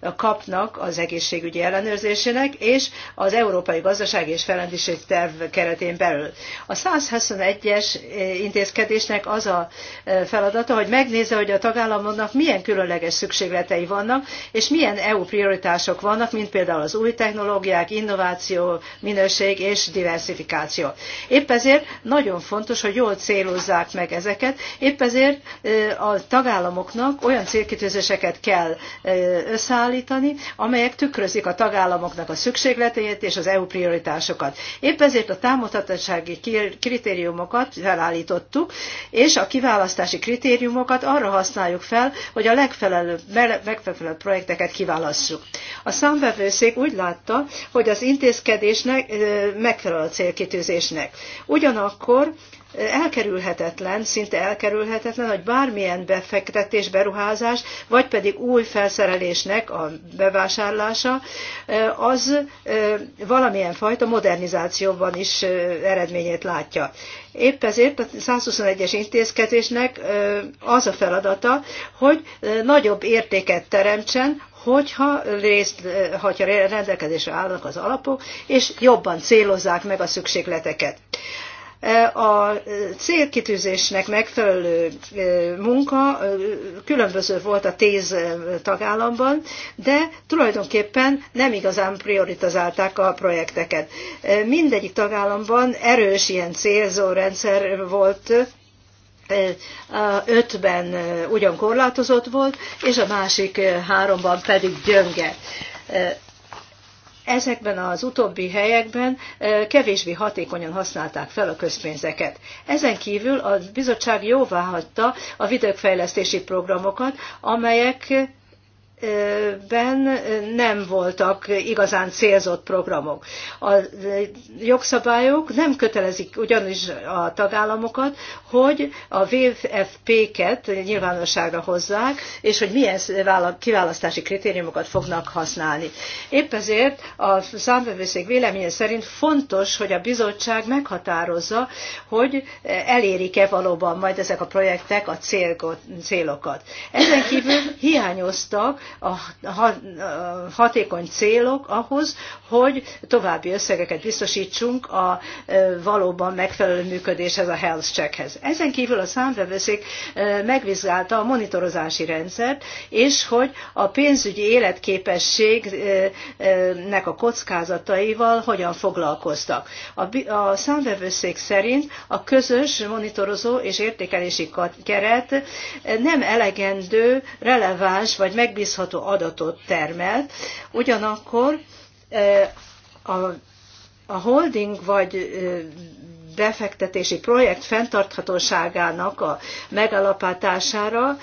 a kapnak az egészségügyi ellenőrzésének, működjenek, és az Európai gazdaság és Felelősség terv keretén belül. A 121-es eh, intézkedésnek az a eh, feladata, hogy megnézze, hogy a tagállamoknak milyen különleges szükségletei vannak, és milyen EU prioritások vannak, mint például az új technológiák, innováció, minőség és diversifikáció. Épp ezért nagyon fontos, hogy jól célozzák meg ezeket, épp ezért eh, a tagállamoknak olyan célkitűzéseket kell összeállítani, amelyek tükrözik a tagállamoknak a szükségletét és az EU prioritásokat. Épp ezért a támogatottsági kritériumokat felállítottuk, és a kiválasztási kritériumokat arra használjuk fel, hogy a legfelelőbb, megfelelőbb projekteket kiválasszuk. A számvevőszék úgy látta, hogy az intézkedésnek megfelel a célkitűzésnek. Ugyanakkor elkerülhetetlen, szinte elkerülhetetlen, hogy bármilyen befektetés, beruházás, vagy pedig új felszerelésnek a bevásárlása, eh, az eh, valamilyen fajta modernizációban is eh, eredményét látja. Épp ezért a 121-es intézkedésnek az a feladata, hogy nagyobb értéket teremtsen, hogyha, részt, hogyha rendelkezésre állnak az alapok, és jobban célozzák meg a szükségleteket a célkitűzésnek megfelelő munka különböző volt a tíz tagállamban, de tulajdonképpen nem igazán prioritizálták a projekteket. Mindegyik tagállamban erős ilyen célzó rendszer volt, ötben ugyan korlátozott volt, és a másik háromban pedig gyönge ezekben az utóbbi helyekben kevésbé hatékonyan használták fel a közpénzeket. Ezen kívül a bizottság jóváhagyta a vidékfejlesztési programokat, amelyek ben nem voltak igazán célzott programok. A jogszabályok nem kötelezik ugyanis a tagállamokat, hogy a wfp ket nyilvánosságra hozzák, és hogy milyen kiválasztási kritériumokat fognak használni. Épp ezért a számbevőszék véleménye szerint fontos, hogy a bizottság meghatározza, hogy elérik-e valóban majd ezek a projektek a célokat. Ezen kívül hiányoztak a hatékony célok ahhoz, hogy további összegeket biztosítsunk a e, valóban megfelelő működéshez, a health checkhez. Ezen kívül a számvevőszék e, megvizsgálta a monitorozási rendszert, és hogy a pénzügyi életképességnek a kockázataival hogyan foglalkoztak. A, számvevőszék szerint a közös monitorozó és értékelési keret nem elegendő, releváns vagy megbízható megbízható adatot termelt, ugyanakkor a, a holding vagy befektetési projekt fenntarthatóságának a megalapítására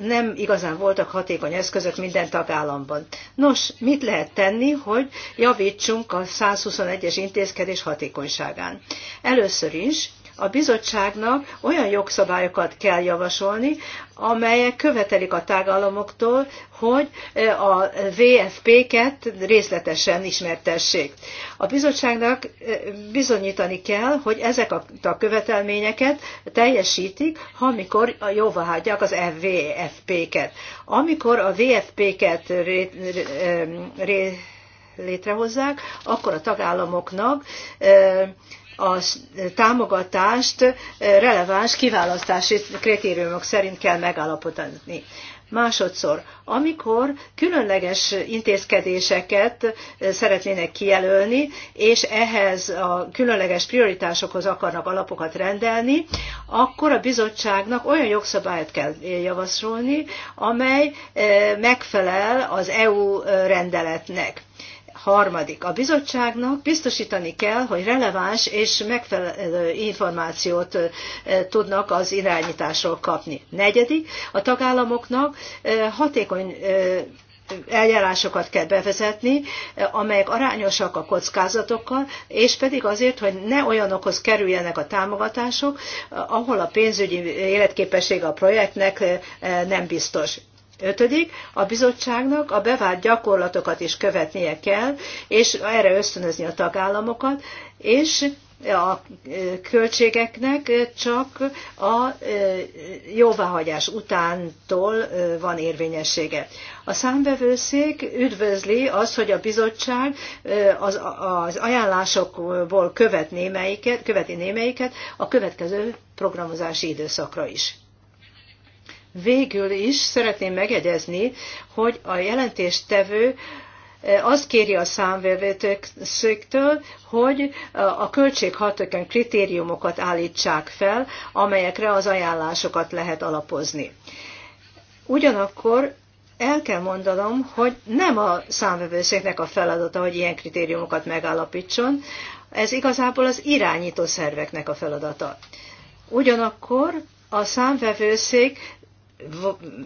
nem igazán voltak hatékony eszközök minden tagállamban. Nos, mit lehet tenni, hogy javítsunk a 121-es intézkedés hatékonyságán? Először is a bizottságnak olyan jogszabályokat kell javasolni, amelyek követelik a tagállamoktól, hogy e, a VFP-ket részletesen ismertessék. A bizottságnak e, bizonyítani kell, hogy ezek a követelményeket teljesítik, amikor jóváhagyják az VFP-ket. Amikor a VFP-ket ré, e, ré, létrehozzák, akkor a tagállamoknak a támogatást releváns kiválasztási kritériumok szerint kell megállapodni. Másodszor, amikor különleges intézkedéseket szeretnének kijelölni, és ehhez a különleges prioritásokhoz akarnak alapokat rendelni, akkor a bizottságnak olyan jogszabályt kell javasolni, amely megfelel az EU rendeletnek Harmadik, a bizottságnak biztosítani kell, hogy releváns és megfelelő információt tudnak az irányításról kapni. Negyedik, a tagállamoknak hatékony eljárásokat kell bevezetni, amelyek arányosak a kockázatokkal, és pedig azért, hogy ne olyanokhoz kerüljenek a támogatások, ahol a pénzügyi életképesség a projektnek nem biztos. Ötödik, a bizottságnak a bevált gyakorlatokat is követnie kell, és erre ösztönözni a tagállamokat, és a e, költségeknek csak a e, jóváhagyás utántól e, van érvényessége. A számbevőszék üdvözli az, hogy a bizottság az, az ajánlásokból követ némelyiket, követi némelyiket a következő programozási időszakra is. Végül is szeretném megegyezni, hogy a jelentéstevő eh, azt kéri a számvevőszöktől, hogy eh, a költséghatókön kritériumokat állítsák fel, amelyekre az ajánlásokat lehet alapozni. Ugyanakkor el kell mondanom, hogy nem a számvevőszéknek a feladata, hogy ilyen kritériumokat megállapítson, ez igazából az irányító szerveknek a feladata. Ugyanakkor a számvevőszék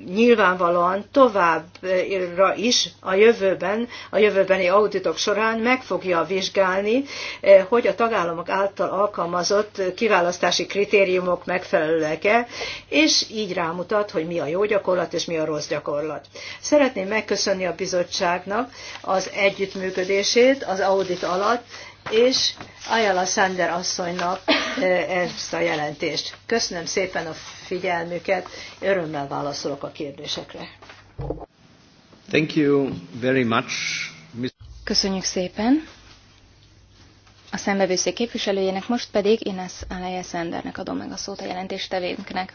nyilvánvalóan továbbra is a jövőben, a jövőbeni auditok során meg fogja vizsgálni, eh, hogy a tagállamok által alkalmazott kiválasztási kritériumok megfelelőek-e, és így rámutat, hogy mi a jó gyakorlat és mi a rossz gyakorlat. Szeretném megköszönni a bizottságnak az együttműködését az audit alatt, és Ayala Sander asszonynak eh, ezt a jelentést. Köszönöm szépen a figyelmüket. Örömmel válaszolok a kérdésekre. Thank you very much. Köszönjük szépen. A szembevőszék képviselőjének most pedig Ines Aleje Szendernek adom meg a szót a jelentéstevénknek.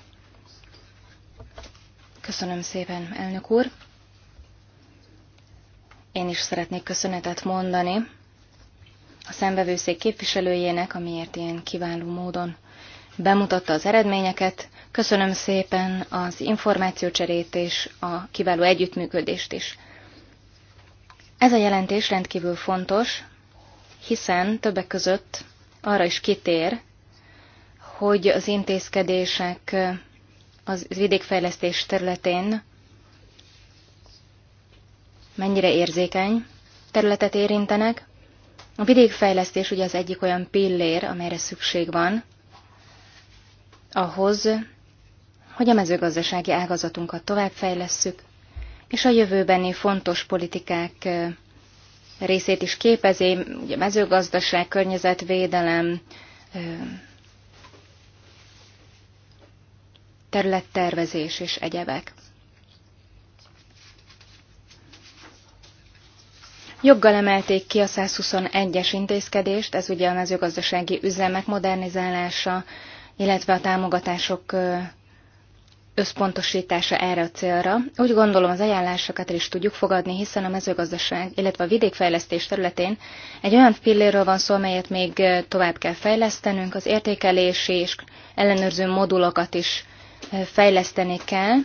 Köszönöm szépen, elnök úr. Én is szeretnék köszönetet mondani a szembevőszék képviselőjének, amiért ilyen kiváló módon bemutatta az eredményeket, Köszönöm szépen az információcserét és a kiváló együttműködést is. Ez a jelentés rendkívül fontos, hiszen többek között arra is kitér, hogy az intézkedések az vidékfejlesztés területén mennyire érzékeny területet érintenek. A vidékfejlesztés ugye az egyik olyan pillér, amelyre szükség van ahhoz, hogy a mezőgazdasági ágazatunkat továbbfejlesszük, és a jövőbeni fontos politikák részét is képezi, ugye mezőgazdaság, környezetvédelem, területtervezés és egyebek. Joggal emelték ki a 121-es intézkedést, ez ugye a mezőgazdasági üzemek modernizálása, illetve a támogatások összpontosítása erre a célra. Úgy gondolom az ajánlásokat is tudjuk fogadni, hiszen a mezőgazdaság, illetve a vidékfejlesztés területén egy olyan pilléről van szó, amelyet még tovább kell fejlesztenünk, az értékelési és ellenőrző modulokat is fejleszteni kell,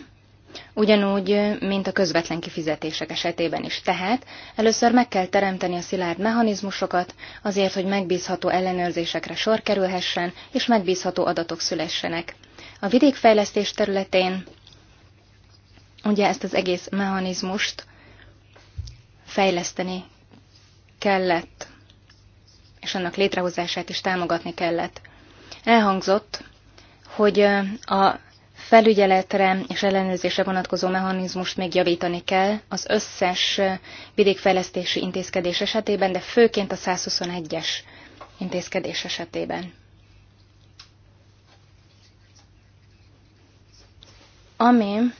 ugyanúgy, mint a közvetlen kifizetések esetében is. Tehát először meg kell teremteni a szilárd mechanizmusokat, azért, hogy megbízható ellenőrzésekre sor kerülhessen, és megbízható adatok szülessenek. A vidékfejlesztés területén ugye ezt az egész mechanizmust fejleszteni kellett, és annak létrehozását is támogatni kellett. Elhangzott, hogy a felügyeletre és ellenőrzésre vonatkozó mechanizmust még javítani kell az összes vidékfejlesztési intézkedés esetében, de főként a 121-es intézkedés esetében. Ami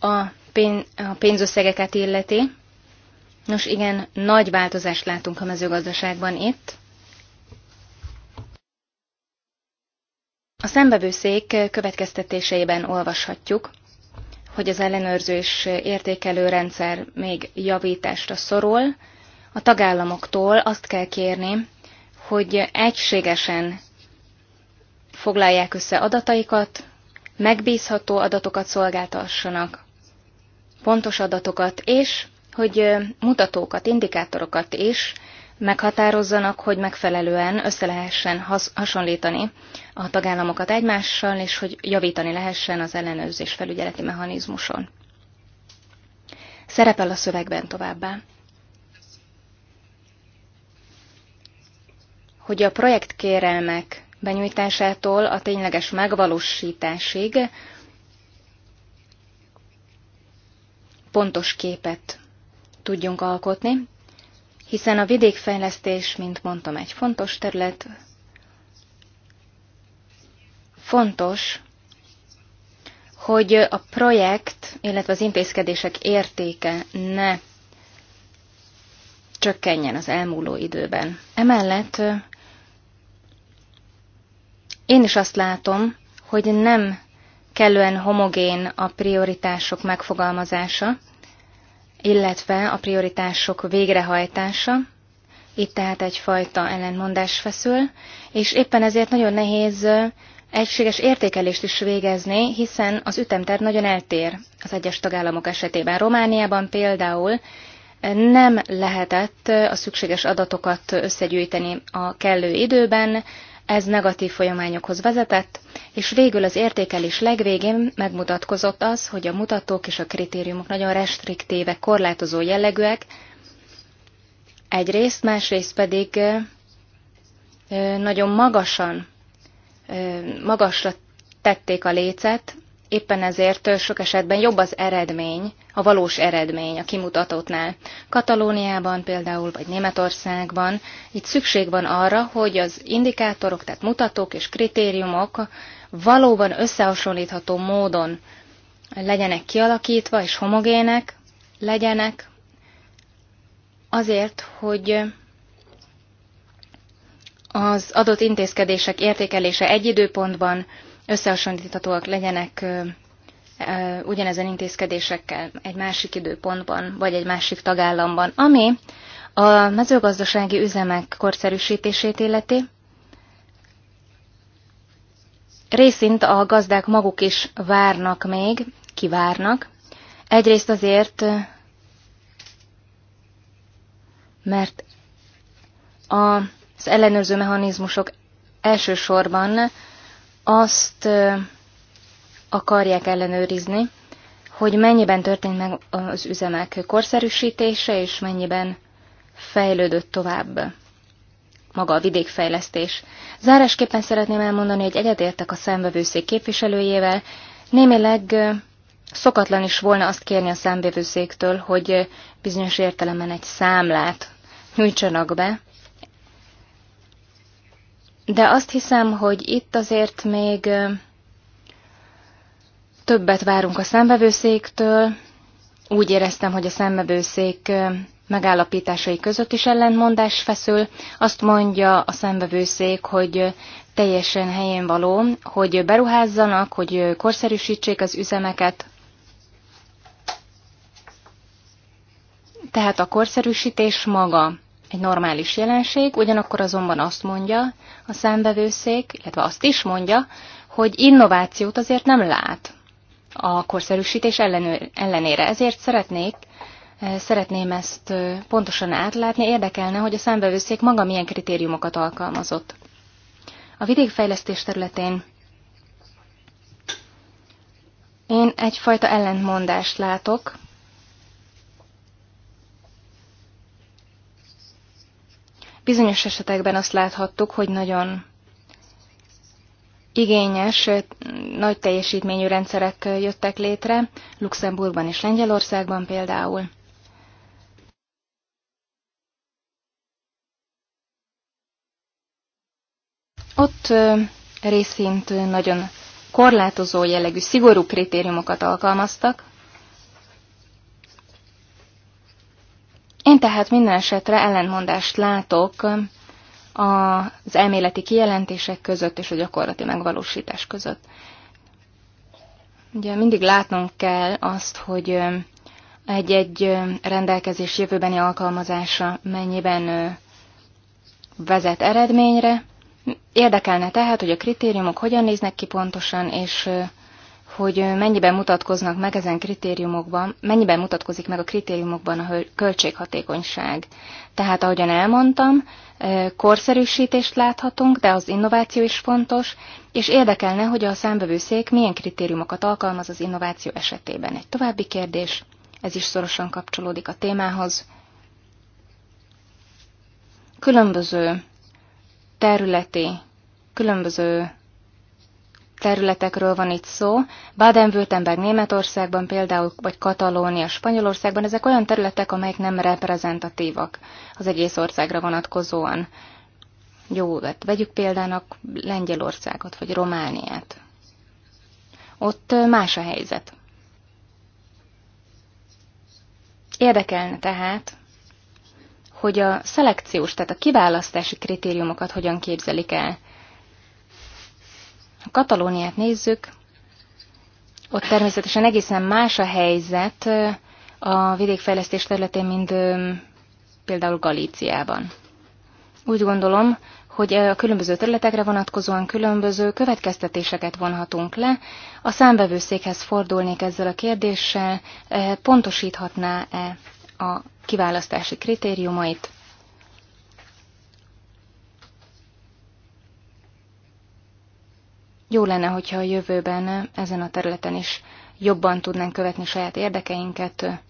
a, pén, a pénzösszegeket illeti, nos igen, nagy változást látunk a mezőgazdaságban itt. A szembevőszék következtetéseiben olvashatjuk, hogy az ellenőrző és értékelő rendszer még javításra szorul. A tagállamoktól azt kell kérni, hogy egységesen foglalják össze adataikat, megbízható adatokat szolgáltassanak, pontos adatokat, és hogy mutatókat, indikátorokat is meghatározzanak, hogy megfelelően össze lehessen hasonlítani a tagállamokat egymással, és hogy javítani lehessen az ellenőrzés felügyeleti mechanizmuson. Szerepel a szövegben továbbá. Hogy a projektkérelmek benyújtásától a tényleges megvalósításig pontos képet tudjunk alkotni, hiszen a vidékfejlesztés, mint mondtam, egy fontos terület, fontos, hogy a projekt, illetve az intézkedések értéke ne csökkenjen az elmúló időben. Emellett én is azt látom, hogy nem kellően homogén a prioritások megfogalmazása, illetve a prioritások végrehajtása. Itt tehát egyfajta ellentmondás feszül, és éppen ezért nagyon nehéz egységes értékelést is végezni, hiszen az ütemterv nagyon eltér az egyes tagállamok esetében. Romániában például nem lehetett a szükséges adatokat összegyűjteni a kellő időben, ez negatív folyamányokhoz vezetett, és végül az értékelés legvégén megmutatkozott az, hogy a mutatók és a kritériumok nagyon restriktívek, korlátozó jellegűek, egyrészt, másrészt pedig nagyon magasan, magasra tették a lécet, éppen ezért sok esetben jobb az eredmény, a valós eredmény a kimutatottnál. Katalóniában például, vagy Németországban itt szükség van arra, hogy az indikátorok, tehát mutatók és kritériumok valóban összehasonlítható módon legyenek kialakítva és homogének legyenek, azért, hogy az adott intézkedések értékelése egy időpontban összehasonlíthatóak legyenek ugyanezen intézkedésekkel egy másik időpontban, vagy egy másik tagállamban, ami a mezőgazdasági üzemek korszerűsítését illeti, részint a gazdák maguk is várnak még, kivárnak. Egyrészt azért, mert az ellenőrző mechanizmusok elsősorban azt akarják ellenőrizni, hogy mennyiben történt meg az üzemek korszerűsítése, és mennyiben fejlődött tovább maga a vidékfejlesztés. Zárásképpen szeretném elmondani, hogy egyetértek a számvevőszék képviselőjével. Némileg szokatlan is volna azt kérni a szembevőszéktől, hogy bizonyos értelemben egy számlát nyújtsanak be, de azt hiszem, hogy itt azért még többet várunk a szembevőszéktől. Úgy éreztem, hogy a szembevőszék megállapításai között is ellentmondás feszül. Azt mondja a szembevőszék, hogy teljesen helyén való, hogy beruházzanak, hogy korszerűsítsék az üzemeket. Tehát a korszerűsítés maga egy normális jelenség, ugyanakkor azonban azt mondja a számbevőszék, illetve azt is mondja, hogy innovációt azért nem lát a korszerűsítés ellenére. Ezért szeretnék, e, szeretném ezt e, pontosan átlátni, érdekelne, hogy a számbevőszék maga milyen kritériumokat alkalmazott. A vidékfejlesztés területén én egyfajta ellentmondást látok Bizonyos esetekben azt láthattuk, hogy nagyon igényes, nagy teljesítményű rendszerek jöttek létre, Luxemburgban és Lengyelországban például. Ott részint nagyon korlátozó jellegű, szigorú kritériumokat alkalmaztak, Én tehát minden esetre ellentmondást látok az elméleti kijelentések között és a gyakorlati megvalósítás között. Ugye mindig látnunk kell azt, hogy egy-egy rendelkezés jövőbeni alkalmazása mennyiben vezet eredményre. Érdekelne tehát, hogy a kritériumok hogyan néznek ki pontosan, és hogy mennyiben mutatkoznak meg ezen kritériumokban, mennyiben mutatkozik meg a kritériumokban a költséghatékonyság. Tehát, ahogyan elmondtam, korszerűsítést láthatunk, de az innováció is fontos, és érdekelne, hogy a számbevőszék milyen kritériumokat alkalmaz az innováció esetében. Egy további kérdés, ez is szorosan kapcsolódik a témához. Különböző területi, különböző területekről van itt szó. Baden-Württemberg Németországban például, vagy Katalónia Spanyolországban, ezek olyan területek, amelyek nem reprezentatívak az egész országra vonatkozóan. Jó, hát vegyük példának Lengyelországot, vagy Romániát. Ott más a helyzet. Érdekelne tehát, hogy a szelekciós, tehát a kiválasztási kritériumokat hogyan képzelik el. Ha Katalóniát nézzük, ott természetesen egészen más a helyzet a vidékfejlesztés területén, mint például Galíciában. Úgy gondolom, hogy a különböző területekre vonatkozóan különböző következtetéseket vonhatunk le. A számbevőszékhez fordulnék ezzel a kérdéssel, pontosíthatná-e a kiválasztási kritériumait, Jó lenne, hogyha a jövőben ezen a területen is jobban tudnánk követni saját érdekeinket.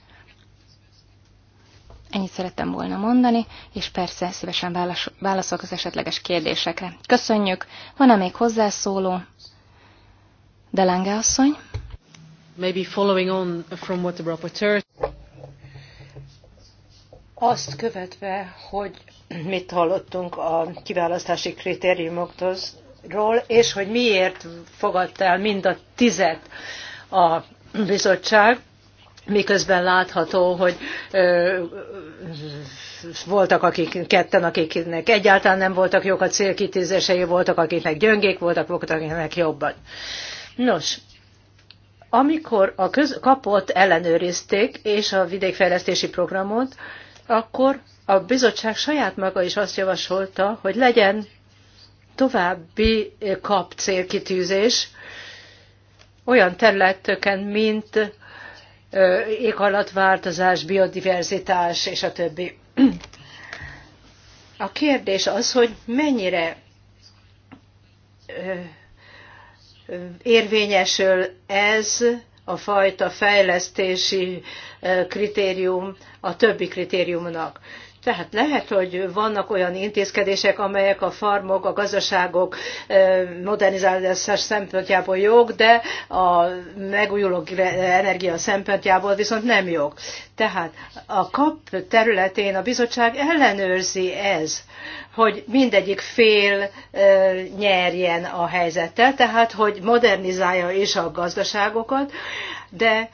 Ennyit szerettem volna mondani, és persze szívesen válaszolok az esetleges kérdésekre. Köszönjük! Van-e még hozzászóló? Delange asszony? Maybe following on from what the rapporteur... Azt követve, hogy mit hallottunk a kiválasztási kritériumoktól, ról, és hogy miért fogadta el mind a tizet a bizottság, miközben látható, hogy ö, voltak akik ketten, akiknek egyáltalán nem voltak jók a célkitűzései, voltak akiknek gyöngék voltak, voltak akiknek jobban. Nos, amikor a köz, kapott ellenőrizték, és a vidékfejlesztési programot, akkor a bizottság saját maga is azt javasolta, hogy legyen további eh, kap célkitűzés olyan területeken, mint eh, éghajlatváltozás, biodiverzitás és a többi. A kérdés az, hogy mennyire eh, érvényesül ez a fajta fejlesztési kritérium a többi kritériumnak. Tehát lehet, hogy vannak olyan intézkedések, amelyek a farmok, a gazdaságok eh, modernizálása szempontjából jók, de a megújuló energia szempontjából viszont nem jók. Tehát a kap területén a bizottság ellenőrzi ez, hogy mindegyik fél eh, nyerjen a helyzettel, tehát hogy modernizálja is a gazdaságokat, de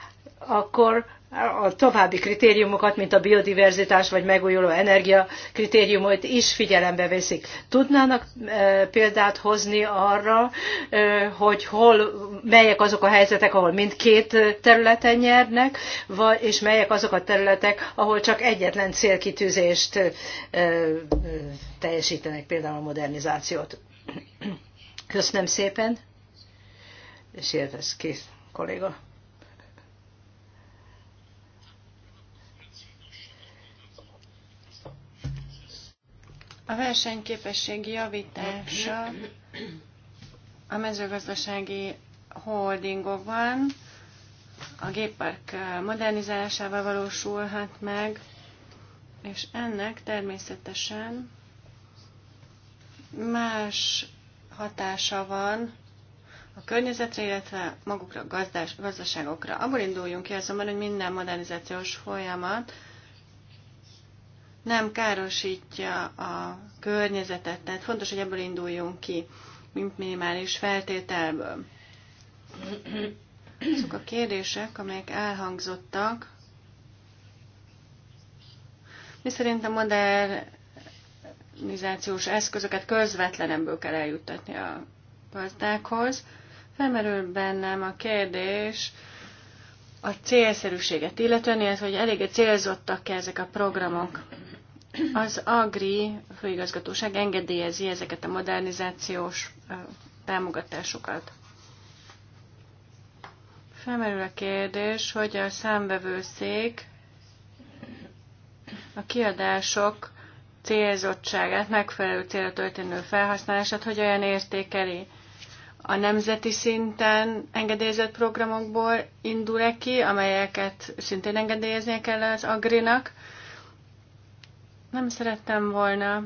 akkor a további kritériumokat, mint a biodiverzitás vagy megújuló energia kritériumot is figyelembe veszik. Tudnának e, példát hozni arra, e, hogy hol, melyek azok a helyzetek, ahol mindkét területen nyernek, vagy, és melyek azok a területek, ahol csak egyetlen célkitűzést e, teljesítenek, például a modernizációt. Köszönöm szépen, és kérdez kész kolléga. A versenyképesség javítása a mezőgazdasági holdingokban a géppark modernizálásával valósulhat meg, és ennek természetesen más hatása van a környezetre, illetve magukra gazdás, gazdaságokra. Abból induljunk ki azonban, hogy minden modernizációs folyamat nem károsítja a környezetet. Tehát fontos, hogy ebből induljunk ki, mint minimális feltételből. Azok a kérdések, amelyek elhangzottak, mi szerint a modernizációs eszközöket közvetlenebből kell eljuttatni a gazdákhoz. Felmerül bennem a kérdés, a célszerűséget illetően, illetve hogy eléggé célzottak -e ezek a programok. Az Agri főigazgatóság engedélyezi ezeket a modernizációs támogatásokat. Felmerül a kérdés, hogy a számvevőszék a kiadások célzottságát, megfelelő célra történő felhasználását hogy olyan értékeli. A nemzeti szinten engedélyezett programokból indul -e ki, amelyeket szintén engedélyeznie kell az agrinak, nem szerettem volna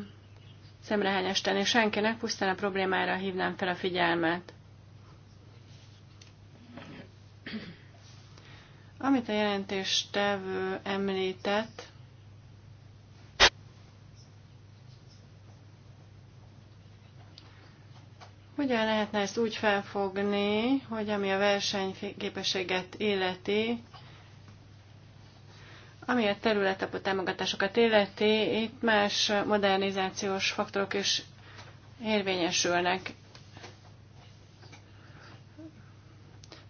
szemrehányást tenni senkinek, pusztán a problémára hívnám fel a figyelmet. Amit a jelentéstevő említett, hogyan lehetne ezt úgy felfogni, hogy ami a versenyképességet illeti, ami a területapú támogatásokat illeti, itt más modernizációs faktorok is érvényesülnek.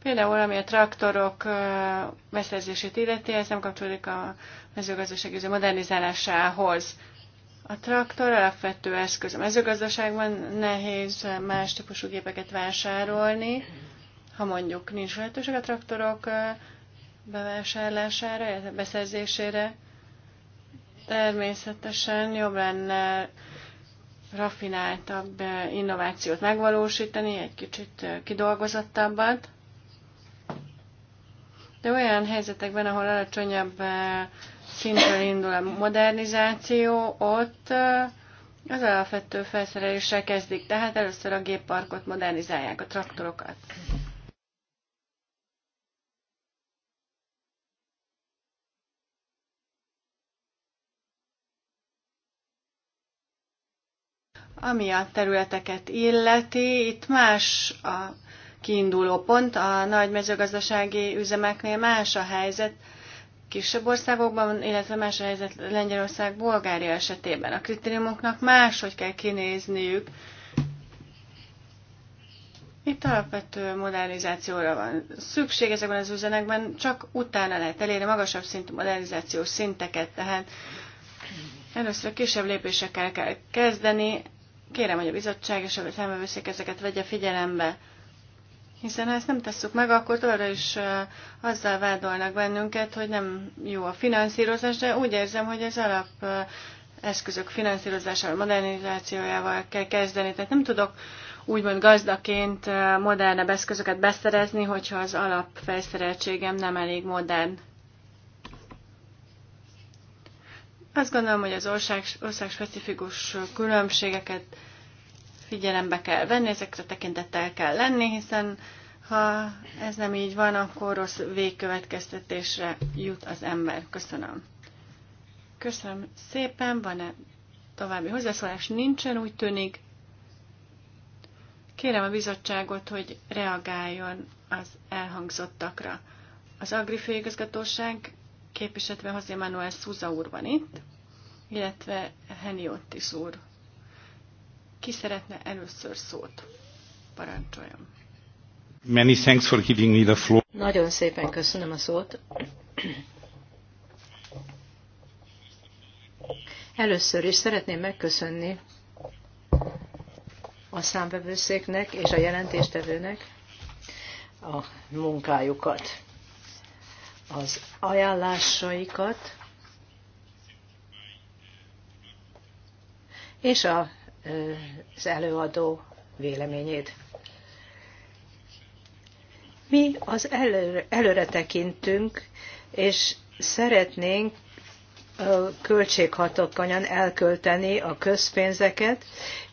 Például, ami a traktorok beszerzését illeti, ez nem kapcsolódik a mezőgazdasági modernizálásához. A traktor alapvető eszköz. A mezőgazdaságban nehéz más típusú gépeket vásárolni, ha mondjuk nincs lehetőség a traktorok bevásárlására, beszerzésére. Természetesen jobb lenne rafináltabb eh, innovációt megvalósítani, egy kicsit eh, kidolgozottabbat. De olyan helyzetekben, ahol alacsonyabb eh, szintről indul a modernizáció, ott az alapvető felszereléssel kezdik, tehát először a gépparkot modernizálják, a traktorokat. Ami a területeket illeti, itt más a kiinduló pont, a nagy mezőgazdasági üzemeknél más a helyzet, kisebb országokban, illetve más a helyzet Lengyelország, Bulgária esetében. A kritériumoknak máshogy kell kinézniük. Itt alapvető modernizációra van szükség ezekben az üzenekben, csak utána lehet elérni magasabb szintű modernizációs szinteket, tehát először a kisebb lépésekkel kell kezdeni, Kérem, hogy a bizottság és a számövőszék ezeket vegye figyelembe. Hiszen ha ezt nem tesszük meg, akkor továbbra is azzal vádolnak bennünket, hogy nem jó a finanszírozás, de úgy érzem, hogy az alap eszközök finanszírozásával, modernizációjával kell kezdeni. Tehát nem tudok úgymond gazdaként modernebb eszközöket beszerezni, hogyha az alapfelszereltségem nem elég modern. Azt gondolom, hogy az ország, ország specifikus különbségeket figyelembe kell venni, ezekre tekintettel kell lenni, hiszen ha ez nem így van, akkor rossz végkövetkeztetésre jut az ember. Köszönöm. Köszönöm szépen, van-e további hozzászólás? Nincsen, úgy tűnik. Kérem a bizottságot, hogy reagáljon az elhangzottakra. Az Agri Főigazgatóság képviseltve José Manuel Souza úr van itt, illetve Henny Ottis úr. Ki szeretne először szót? Parancsoljon. Many thanks for giving me the floor. Nagyon szépen köszönöm a szót. Először is szeretném megköszönni a számbevőszéknek és a jelentéstevőnek a munkájukat az ajánlásaikat, és a, az előadó véleményét. Mi az előre, előre tekintünk, és szeretnénk költséghatókanyan elkölteni a közpénzeket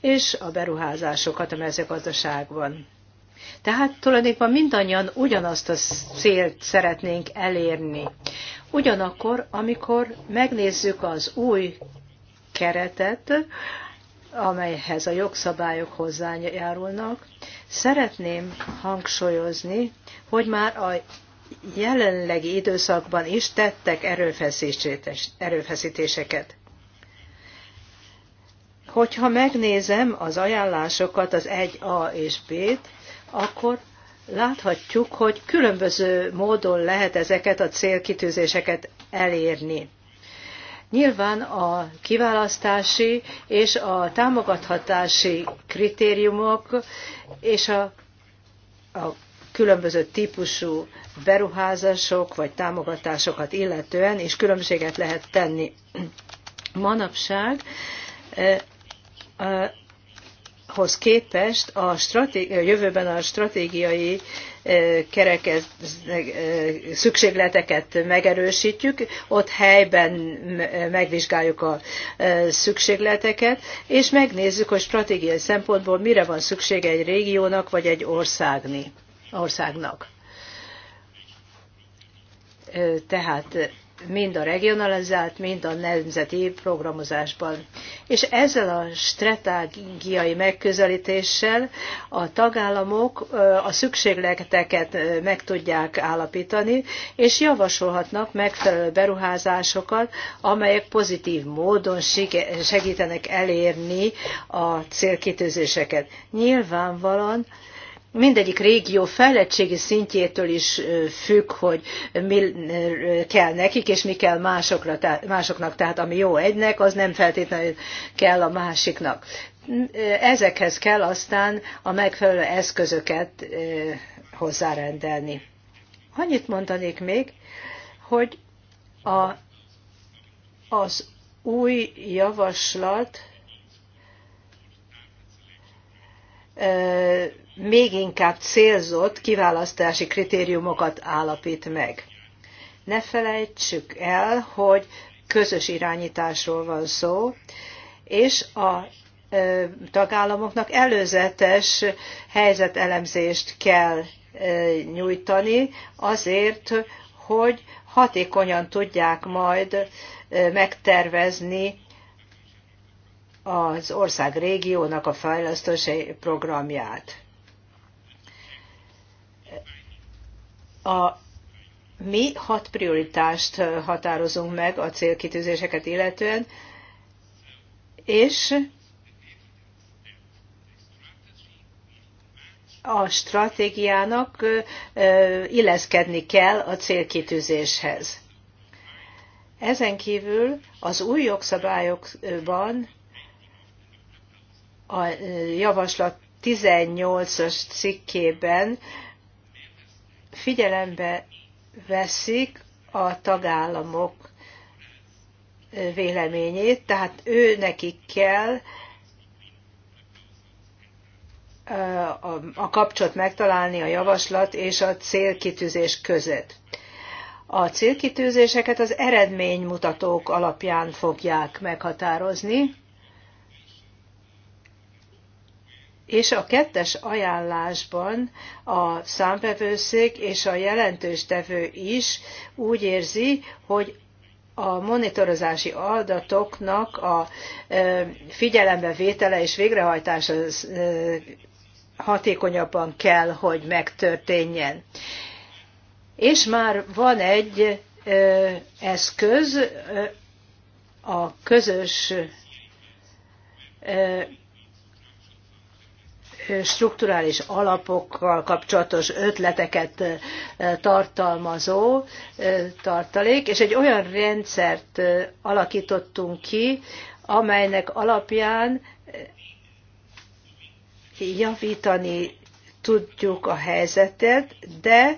és a beruházásokat a mezőgazdaságban. Tehát tulajdonképpen mindannyian ugyanazt a célt szeretnénk elérni. Ugyanakkor, amikor megnézzük az új keretet, amelyhez a jogszabályok hozzájárulnak, szeretném hangsúlyozni, hogy már a jelenlegi időszakban is tettek erőfeszítéseket. Hogyha megnézem az ajánlásokat, az 1A és B-t, akkor láthatjuk, hogy különböző módon lehet ezeket a célkitűzéseket elérni. Nyilván a kiválasztási és a támogathatási kritériumok és a, a különböző típusú beruházások vagy támogatásokat illetően is különbséget lehet tenni. Manapság eh, eh, hoz képest a jövőben a stratégiai e, kereket, e, szükségleteket megerősítjük, ott helyben e, megvizsgáljuk a szükségleteket, és megnézzük, hogy stratégiai szempontból mire van szüksége egy régiónak vagy egy országni, országnak. Tehát mind a regionalizált, mind a nemzeti programozásban. És ezzel a stratégiai megközelítéssel a tagállamok a szükségleteket meg tudják állapítani, és javasolhatnak megfelelő beruházásokat, amelyek pozitív módon segítenek elérni a célkitűzéseket. Nyilvánvalóan mindegyik régió fejlettségi szintjétől is függ, hogy mi kell nekik, és mi kell másokra, másoknak. Tehát ami jó egynek, az nem feltétlenül kell a másiknak. Ezekhez kell aztán a megfelelő eszközöket hozzárendelni. Annyit mondanék még, hogy a, az új javaslat még inkább célzott kiválasztási kritériumokat állapít meg. Ne felejtsük el, hogy közös irányításról van szó, és a tagállamoknak előzetes helyzetelemzést kell nyújtani azért, hogy hatékonyan tudják majd megtervezni az ország régiónak a fejlesztési programját. A mi hat prioritást határozunk meg a célkitűzéseket illetően, és a stratégiának illeszkedni kell a célkitűzéshez. Ezen kívül az új jogszabályokban a javaslat 18-as cikkében figyelembe veszik a tagállamok véleményét, tehát ő nekik kell a kapcsot megtalálni a javaslat és a célkitűzés között. A célkitűzéseket az eredménymutatók alapján fogják meghatározni, És a kettes ajánlásban a számbevőszék és a jelentős tevő is úgy érzi, hogy a monitorozási adatoknak a figyelembe vétele és végrehajtása hatékonyabban kell, hogy megtörténjen. És már van egy eszköz, a közös strukturális alapokkal kapcsolatos ötleteket tartalmazó tartalék, és egy olyan rendszert alakítottunk ki, amelynek alapján javítani tudjuk a helyzetet, de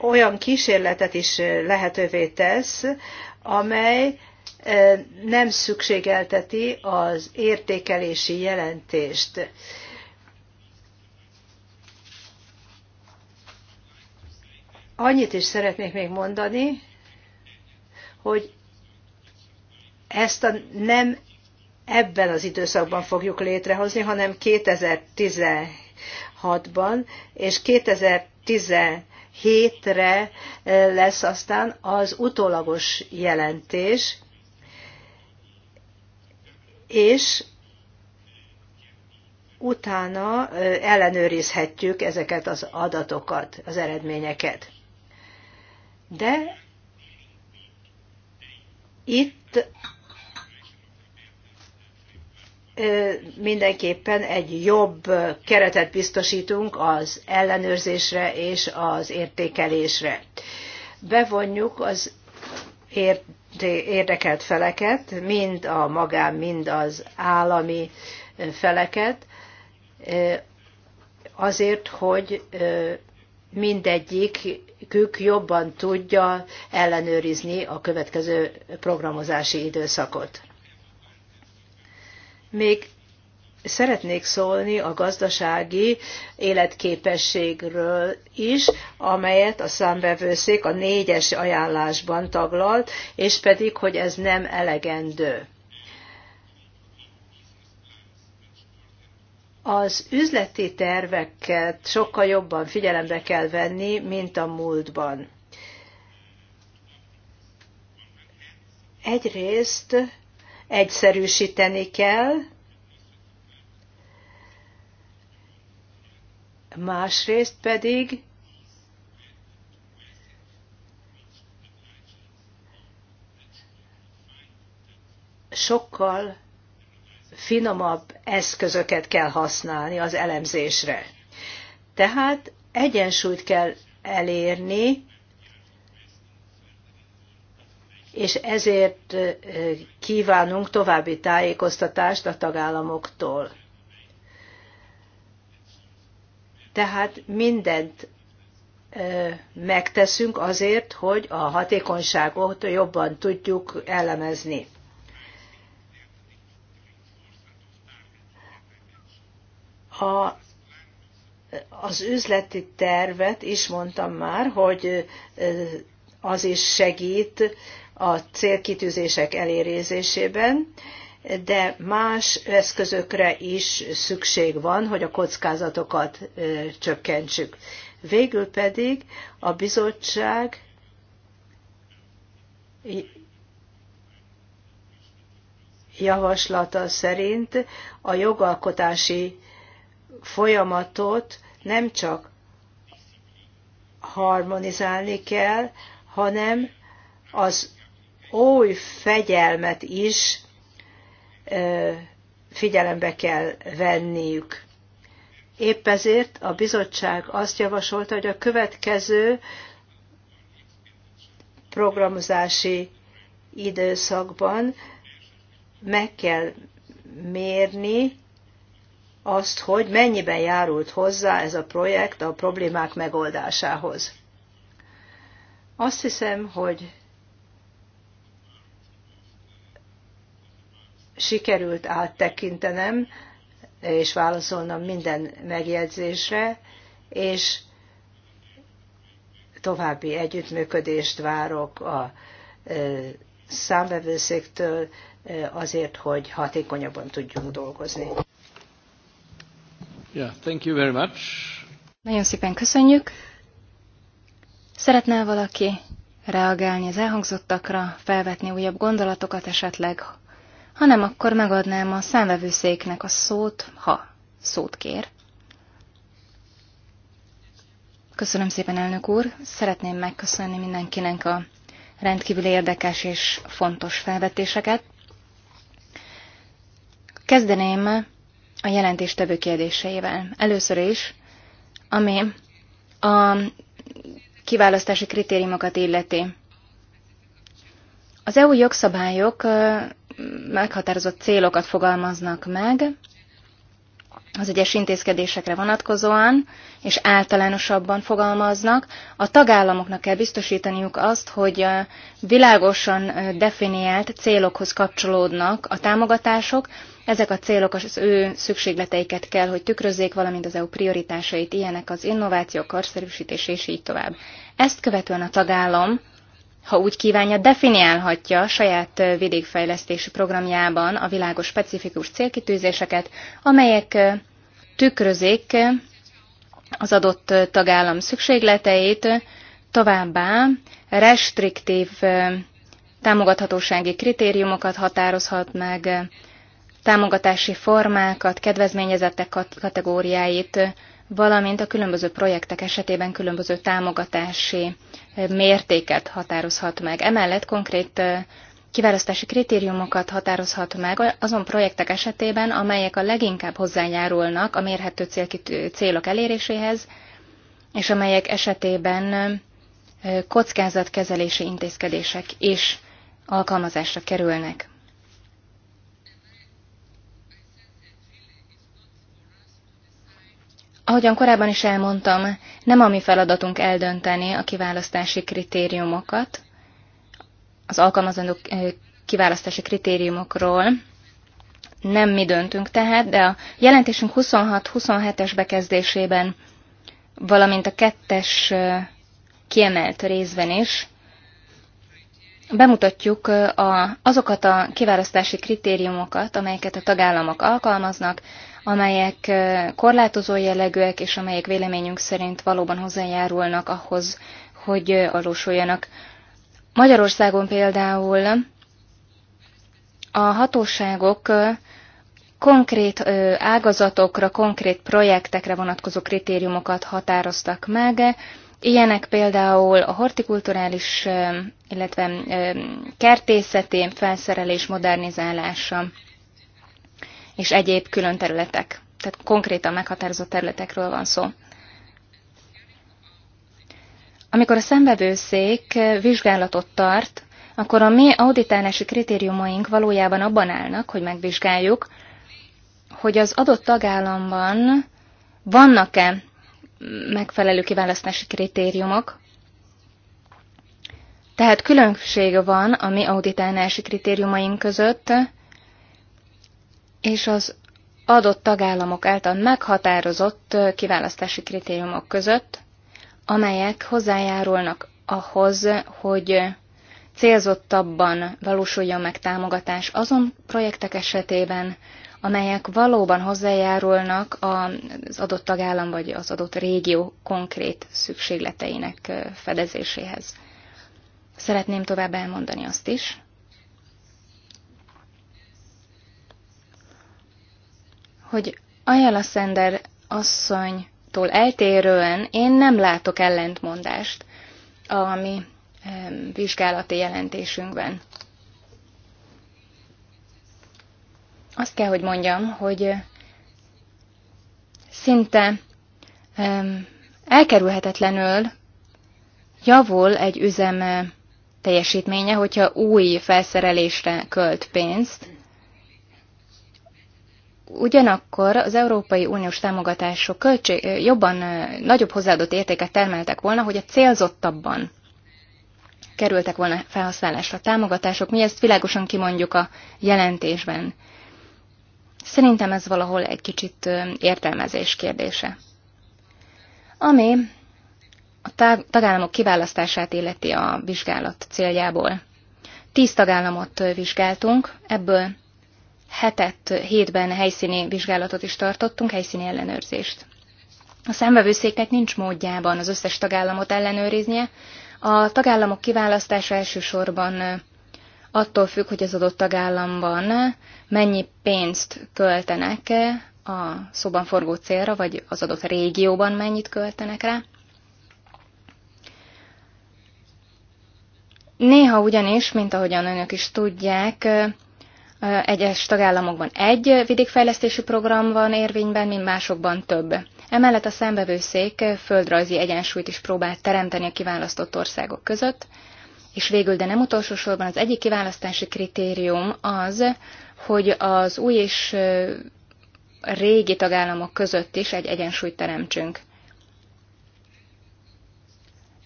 olyan kísérletet is lehetővé tesz, amely nem szükségelteti az értékelési jelentést. Annyit is szeretnék még mondani, hogy ezt a nem ebben az időszakban fogjuk létrehozni, hanem 2016-ban, és 2017-re lesz aztán az utólagos jelentés, és utána ellenőrizhetjük ezeket az adatokat, az eredményeket. De itt mindenképpen egy jobb keretet biztosítunk az ellenőrzésre és az értékelésre. Bevonjuk az ért érdekelt feleket, mind a magán, mind az állami feleket, azért, hogy mindegyikük jobban tudja ellenőrizni a következő programozási időszakot. Még szeretnék szólni a gazdasági életképességről is, amelyet a számvevőszék a négyes ajánlásban taglalt, és pedig, hogy ez nem elegendő. Az üzleti terveket sokkal jobban figyelembe kell venni, mint a múltban. Egyrészt egyszerűsíteni kell, másrészt pedig sokkal finomabb eszközöket kell használni az elemzésre. Tehát egyensúlyt kell elérni, és ezért kívánunk további tájékoztatást a tagállamoktól. Tehát mindent megteszünk azért, hogy a hatékonyságot jobban tudjuk elemezni. a, az üzleti tervet is mondtam már, hogy az is segít a célkitűzések elérésében, de más eszközökre is szükség van, hogy a kockázatokat csökkentsük. Végül pedig a bizottság javaslata szerint a jogalkotási folyamatot nem csak harmonizálni kell, hanem az oly fegyelmet is figyelembe kell venniük. Épp ezért a bizottság azt javasolta, hogy a következő programozási időszakban meg kell mérni azt, hogy mennyiben járult hozzá ez a projekt a problémák megoldásához. Azt hiszem, hogy sikerült áttekintenem és válaszolnom minden megjegyzésre, és további együttműködést várok a számbevőszéktől azért, hogy hatékonyabban tudjunk dolgozni. Yeah, thank you very much. Nagyon szépen köszönjük. Szeretnél valaki reagálni az elhangzottakra, felvetni újabb gondolatokat esetleg, hanem akkor megadnám a számvevőszéknek a szót, ha szót kér. Köszönöm szépen, elnök úr! Szeretném megköszönni mindenkinek a rendkívül érdekes és fontos felvetéseket. Kezdeném a tevő kérdéseivel. Először is, ami a kiválasztási kritériumokat illeti. Az EU jogszabályok meghatározott célokat fogalmaznak meg az egyes intézkedésekre vonatkozóan, és általánosabban fogalmaznak. A tagállamoknak kell biztosítaniuk azt, hogy világosan definiált célokhoz kapcsolódnak a támogatások, ezek a célok az ő szükségleteiket kell, hogy tükrözzék, valamint az EU prioritásait, ilyenek az innováció, karszerűsítés és így tovább. Ezt követően a tagállam ha úgy kívánja, definiálhatja a saját vidékfejlesztési programjában a világos specifikus célkitűzéseket, amelyek tükrözik az adott tagállam szükségleteit, továbbá restriktív támogathatósági kritériumokat határozhat meg, támogatási formákat, kedvezményezettek kategóriáit, valamint a különböző projektek esetében különböző támogatási mértéket határozhat meg. Emellett konkrét kiválasztási kritériumokat határozhat meg azon projektek esetében, amelyek a leginkább hozzájárulnak a mérhető célok eléréséhez, és amelyek esetében kockázatkezelési intézkedések is alkalmazásra kerülnek. Ahogyan korábban is elmondtam, nem a mi feladatunk eldönteni a kiválasztási kritériumokat, az alkalmazandó kiválasztási kritériumokról, nem mi döntünk tehát, de a jelentésünk 26-27-es bekezdésében, valamint a kettes kiemelt részben is bemutatjuk azokat a kiválasztási kritériumokat, amelyeket a tagállamok alkalmaznak, amelyek korlátozó jellegűek, és amelyek véleményünk szerint valóban hozzájárulnak ahhoz, hogy valósuljanak. Magyarországon például a hatóságok konkrét ágazatokra, konkrét projektekre vonatkozó kritériumokat határoztak meg, Ilyenek például a hortikulturális, illetve kertészeti felszerelés modernizálása és egyéb külön területek. Tehát konkrétan meghatározott területekről van szó. Amikor a szembevőszék vizsgálatot tart, akkor a mi auditálási kritériumaink valójában abban állnak, hogy megvizsgáljuk, hogy az adott tagállamban vannak-e megfelelő kiválasztási kritériumok, tehát különbség van a mi auditálási kritériumaink között, és az adott tagállamok által meghatározott kiválasztási kritériumok között, amelyek hozzájárulnak ahhoz, hogy célzottabban valósuljon meg támogatás azon projektek esetében, amelyek valóban hozzájárulnak az adott tagállam vagy az adott régió konkrét szükségleteinek fedezéséhez. Szeretném tovább elmondani azt is, hogy Ajala Szender asszonytól eltérően én nem látok ellentmondást a mi vizsgálati jelentésünkben. Azt kell, hogy mondjam, hogy eh, szinte elkerülhetetlenül javul egy üzem teljesítménye, hogyha új felszerelésre költ pénzt, Ugyanakkor az Európai Uniós támogatások költség, jobban nagyobb hozzáadott értéket termeltek volna, hogy a célzottabban kerültek volna felhasználásra a támogatások. Mi ezt világosan kimondjuk a jelentésben. Szerintem ez valahol egy kicsit értelmezés kérdése. Ami a tagállamok kiválasztását illeti a vizsgálat céljából. Tíz tagállamot vizsgáltunk, ebből hetet, hétben helyszíni vizsgálatot is tartottunk, helyszíni ellenőrzést. A számvevőszéknek nincs módjában az összes tagállamot ellenőriznie. A tagállamok kiválasztása elsősorban attól függ, hogy az adott tagállamban mennyi pénzt költenek a szóban forgó célra, vagy az adott régióban mennyit költenek rá. Néha ugyanis, mint ahogyan önök is tudják, egyes tagállamokban egy vidékfejlesztési program van érvényben, mint másokban több. Emellett a számbevőszék földrajzi egyensúlyt is próbált teremteni a kiválasztott országok között, és végül, de nem utolsó sorban az egyik kiválasztási kritérium az, hogy az új és régi tagállamok között is egy egyensúlyt teremtsünk.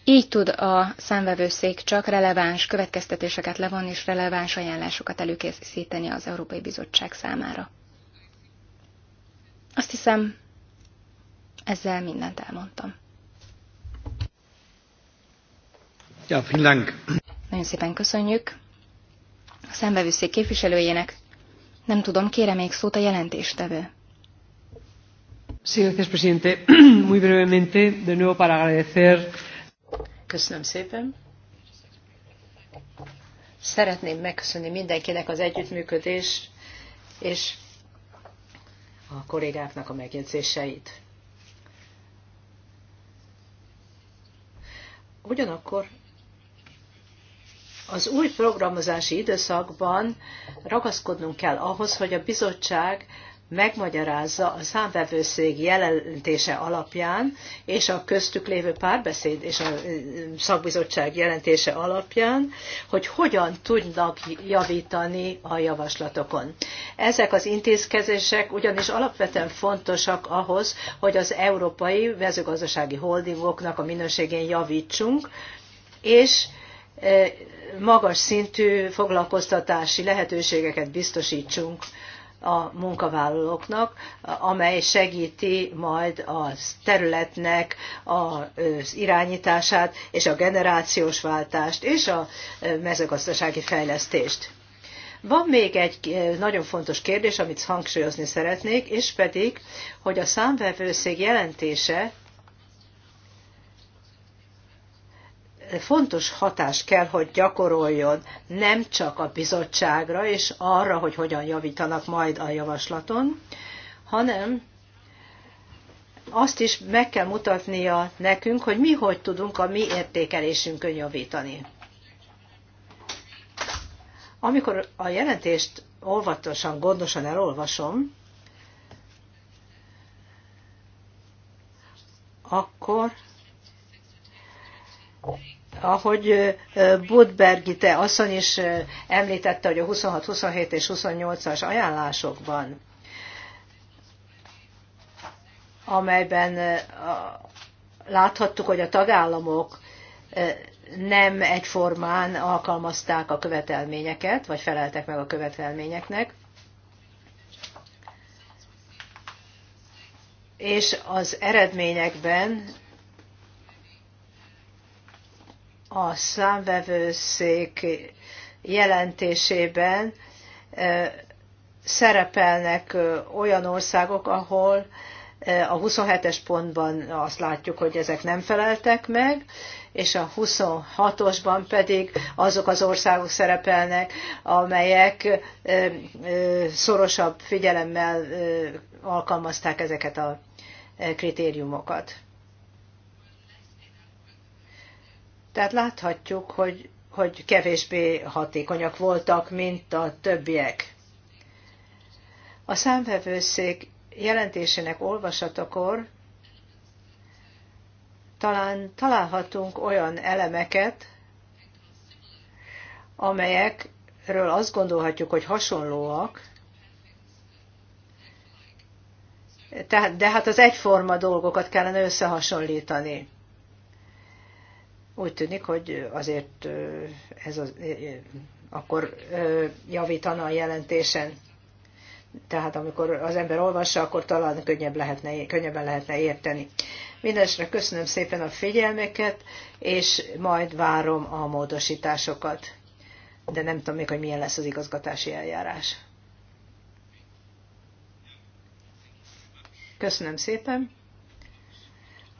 Így tud a szemvevőszék csak releváns következtetéseket levonni és releváns ajánlásokat előkészíteni az Európai Bizottság számára. Azt hiszem, ezzel mindent elmondtam. Ja, vielen Nagyon szépen köszönjük. A számbevőszék képviselőjének nem tudom, kére még szót a jelentéstevő. Sí, gracias, presidente. Muy brevemente, de nuevo para agradecer Köszönöm szépen. Szeretném megköszönni mindenkinek az együttműködés és a kollégáknak a megjegyzéseit. Ugyanakkor az új programozási időszakban ragaszkodnunk kell ahhoz, hogy a bizottság megmagyarázza a számvevőszék jelentése alapján, és a köztük lévő párbeszéd és a szakbizottság jelentése alapján, hogy hogyan tudnak javítani a javaslatokon. Ezek az intézkedések ugyanis alapvetően fontosak ahhoz, hogy az európai mezőgazdasági holdingoknak a minőségén javítsunk, és magas szintű foglalkoztatási lehetőségeket biztosítsunk a munkavállalóknak, amely segíti majd a területnek az irányítását és a generációs váltást és a mezőgazdasági fejlesztést. Van még egy nagyon fontos kérdés, amit hangsúlyozni szeretnék, és pedig, hogy a számvevőszék jelentése fontos hatást kell, hogy gyakoroljon nem csak a bizottságra és arra, hogy hogyan javítanak majd a javaslaton, hanem azt is meg kell mutatnia nekünk, hogy mi hogy tudunk a mi értékelésünkön javítani. Amikor a jelentést olvatosan, gondosan elolvasom, akkor ahogy Budbergi te asszony is említette, hogy a 26, 27 és 28-as ajánlásokban, amelyben láthattuk, hogy a tagállamok nem egyformán alkalmazták a követelményeket, vagy feleltek meg a követelményeknek, és az eredményekben a számvevőszék jelentésében szerepelnek olyan országok, ahol a 27-es pontban azt látjuk, hogy ezek nem feleltek meg, és a 26-osban pedig azok az országok szerepelnek, amelyek szorosabb figyelemmel alkalmazták ezeket a kritériumokat. Tehát láthatjuk, hogy, hogy kevésbé hatékonyak voltak, mint a többiek. A számvevőszék jelentésének olvasatakor talán találhatunk olyan elemeket, amelyekről azt gondolhatjuk, hogy hasonlóak, de hát az egyforma dolgokat kellene összehasonlítani. Úgy tűnik, hogy azért ez az, akkor javítana a jelentésen. Tehát amikor az ember olvassa, akkor talán könnyebb lehetne, könnyebben lehetne érteni. Mindenesre köszönöm szépen a figyelmeket, és majd várom a módosításokat. De nem tudom még, hogy milyen lesz az igazgatási eljárás. Köszönöm szépen.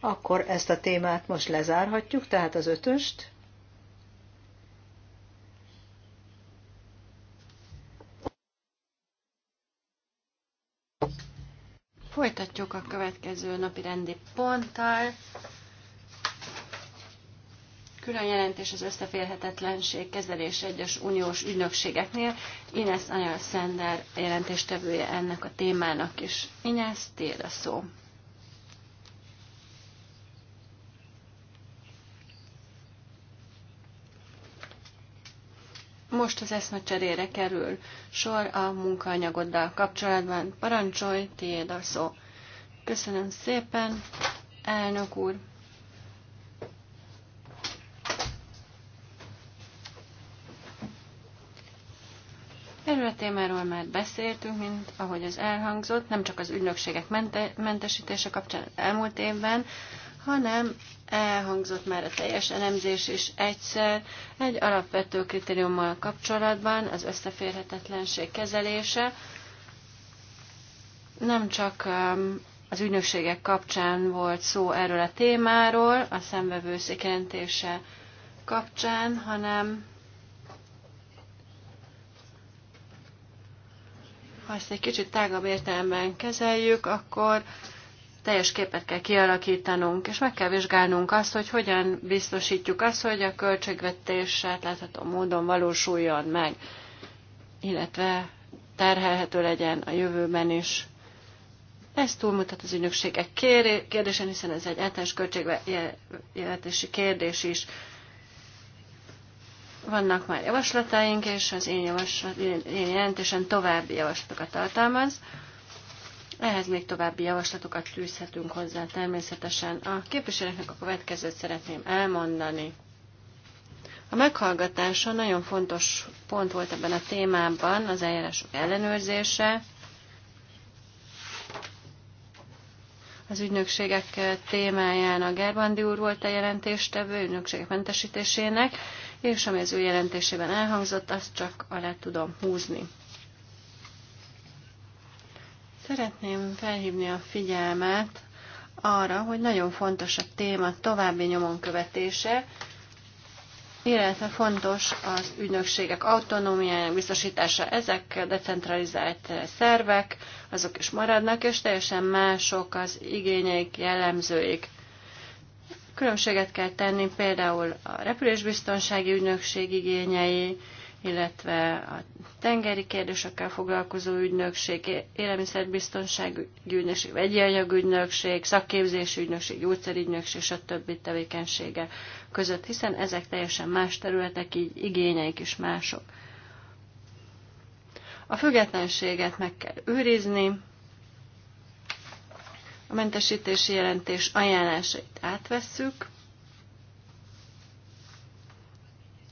Akkor ezt a témát most lezárhatjuk, tehát az ötöst. Folytatjuk a következő napi rendi ponttal. Külön jelentés az összeférhetetlenség kezelés egyes uniós ügynökségeknél. Ines Anyal Szender jelentéstevője ennek a témának is. Ines, tél a szó. Most az cserére kerül sor a munkaanyagoddal kapcsolatban. Parancsolj, tiéd a szó. Köszönöm szépen, elnök úr. Erről a témáról már beszéltünk, mint ahogy az elhangzott, nem csak az ügynökségek mente mentesítése kapcsán elmúlt évben, hanem elhangzott már a teljes elemzés is egyszer, egy alapvető kritériummal kapcsolatban az összeférhetetlenség kezelése nem csak um, az ügynökségek kapcsán volt szó erről a témáról, a szemvevőszék jelentése kapcsán, hanem ha ezt egy kicsit tágabb értelemben kezeljük, akkor teljes képet kell kialakítanunk, és meg kell vizsgálnunk azt, hogy hogyan biztosítjuk azt, hogy a költségvetés átlátható módon valósuljon meg, illetve terhelhető legyen a jövőben is. Ez túlmutat az ügynökségek kérdésen, hiszen ez egy általános költségvetési kérdés is. Vannak már javaslataink, és az én, javaslat, én jelentésen további javaslatokat tartalmaz. Ehhez még további javaslatokat fűzhetünk hozzá természetesen. A képviselőknek a következőt szeretném elmondani. A meghallgatása nagyon fontos pont volt ebben a témában, az eljárások ellenőrzése, az ügynökségek témáján Gerbandi úr volt a jelentéstevő, ügynökségek mentesítésének, és ami az ő jelentésében elhangzott, azt csak alá tudom húzni. Szeretném felhívni a figyelmet arra, hogy nagyon fontos a téma további nyomon követése, illetve fontos az ügynökségek autonómiájának biztosítása. Ezek decentralizált szervek, azok is maradnak, és teljesen mások az igényeik, jellemzőik. Különbséget kell tenni például a repülésbiztonsági ügynökség igényei, illetve a tengeri kérdésekkel foglalkozó ügynökség, élelmiszerbiztonságügyi ügynökség, vegyi anyagügynökség, szakképzési ügynökség, gyógyszerügynökség, többi tevékenysége között, hiszen ezek teljesen más területek, így igényeik is mások. A függetlenséget meg kell őrizni, a mentesítési jelentés ajánlásait átvesszük,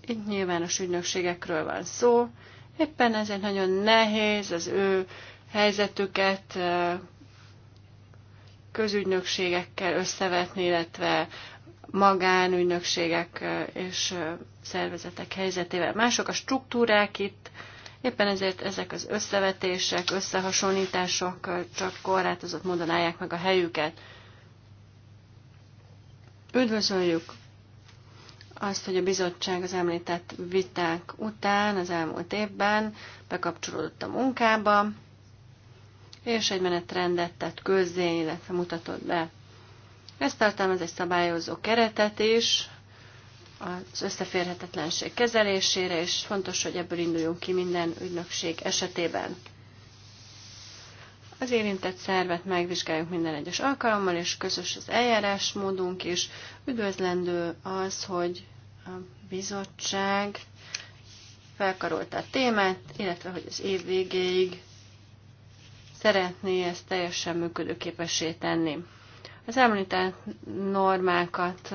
Itt nyilvános ügynökségekről van szó, éppen ezért nagyon nehéz az ő helyzetüket eh, közügynökségekkel összevetni, illetve magánügynökségek eh, és eh, szervezetek helyzetével. Mások a struktúrák itt, éppen ezért ezek az összevetések, összehasonlítások csak korlátozott módon állják meg a helyüket. Üdvözöljük azt, hogy a bizottság az említett viták után az elmúlt évben bekapcsolódott a munkába, és egy menetrendet tett közzé, illetve mutatott be. Ez tartalmaz egy szabályozó keretet is, az összeférhetetlenség kezelésére, és fontos, hogy ebből induljunk ki minden ügynökség esetében. Az érintett szervet megvizsgáljuk minden egyes alkalommal, és közös az eljárásmódunk is. Üdvözlendő az, hogy a bizottság felkarolta a témát, illetve hogy az év végéig szeretné ezt teljesen működőképessé tenni. Az említett normákat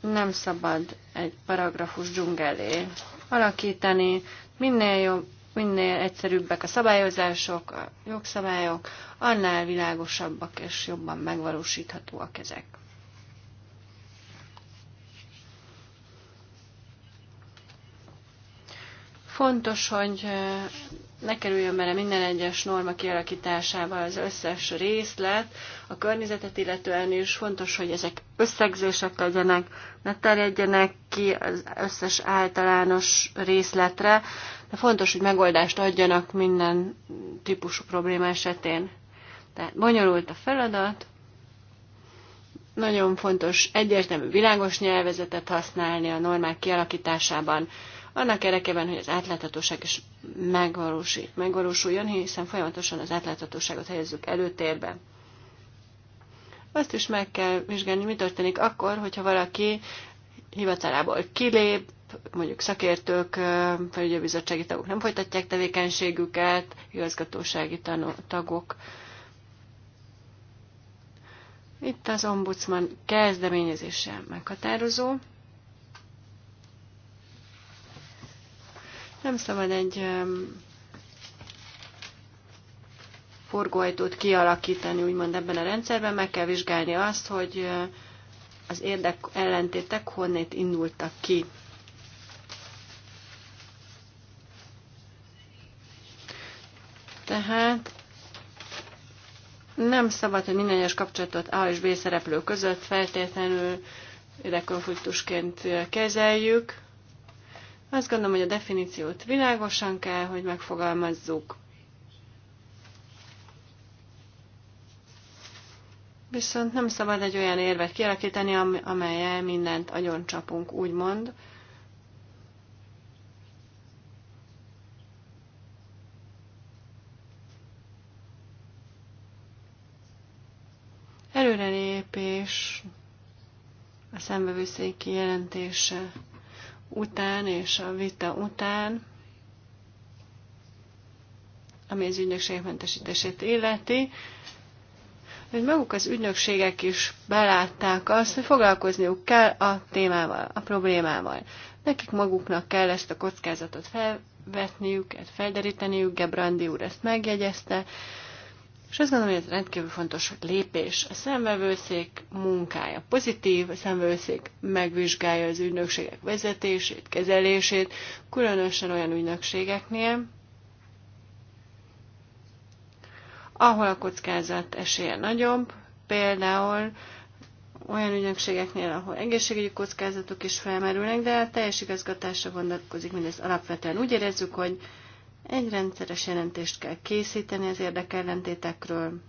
nem szabad egy paragrafus dzsungelé alakítani, minél jobb, minél egyszerűbbek a szabályozások, a jogszabályok, annál világosabbak és jobban megvalósíthatóak ezek. Fontos, hogy ne kerüljön bele minden egyes norma kialakításával az összes részlet, a környezetet illetően is fontos, hogy ezek összegzések legyenek, ne terjedjenek ki az összes általános részletre, de fontos, hogy megoldást adjanak minden típusú probléma esetén. Tehát bonyolult a feladat, nagyon fontos egyértelmű világos nyelvezetet használni a normák kialakításában, annak érdekében, hogy az átláthatóság is megvalósuljon, hiszen folyamatosan az átláthatóságot helyezzük előtérbe. Azt is meg kell vizsgálni, mi történik akkor, hogyha valaki hivatalából kilép, mondjuk szakértők, felügyelőbizottsági tagok nem folytatják tevékenységüket, igazgatósági tagok. Itt az ombudsman kezdeményezése meghatározó. Nem szabad egy forgóajtót kialakítani, úgymond ebben a rendszerben, meg kell vizsgálni azt, hogy az érdek ellentétek honnét indultak ki. Tehát nem szabad, hogy minden egyes kapcsolatot A és B szereplő között feltétlenül érdekkonfliktusként kezeljük. Azt gondolom, hogy a definíciót világosan kell, hogy megfogalmazzuk. Viszont nem szabad egy olyan érvet kialakítani, amelyel mindent agyoncsapunk, úgymond. Előrelépés a szembevőszék jelentése után és a vita után, ami az ügynökség mentesítését illeti, hogy maguk az ügynökségek is belátták azt, hogy foglalkozniuk kell a témával, a problémával. Nekik maguknak kell ezt a kockázatot felvetniük, ezt felderíteniük, Gebrandi úr ezt megjegyezte, és azt gondolom, hogy ez rendkívül fontos lépés. A szemvevőszék munkája pozitív, a szemvevőszék megvizsgálja az ügynökségek vezetését, kezelését, különösen olyan ügynökségeknél, ahol a kockázat esélye nagyobb, például olyan ügynökségeknél, ahol egészségügyi kockázatok is felmerülnek, de a teljes igazgatásra vonatkozik mindez alapvetően. Úgy érezzük, hogy egy rendszeres jelentést kell készíteni az érdekellentétekről,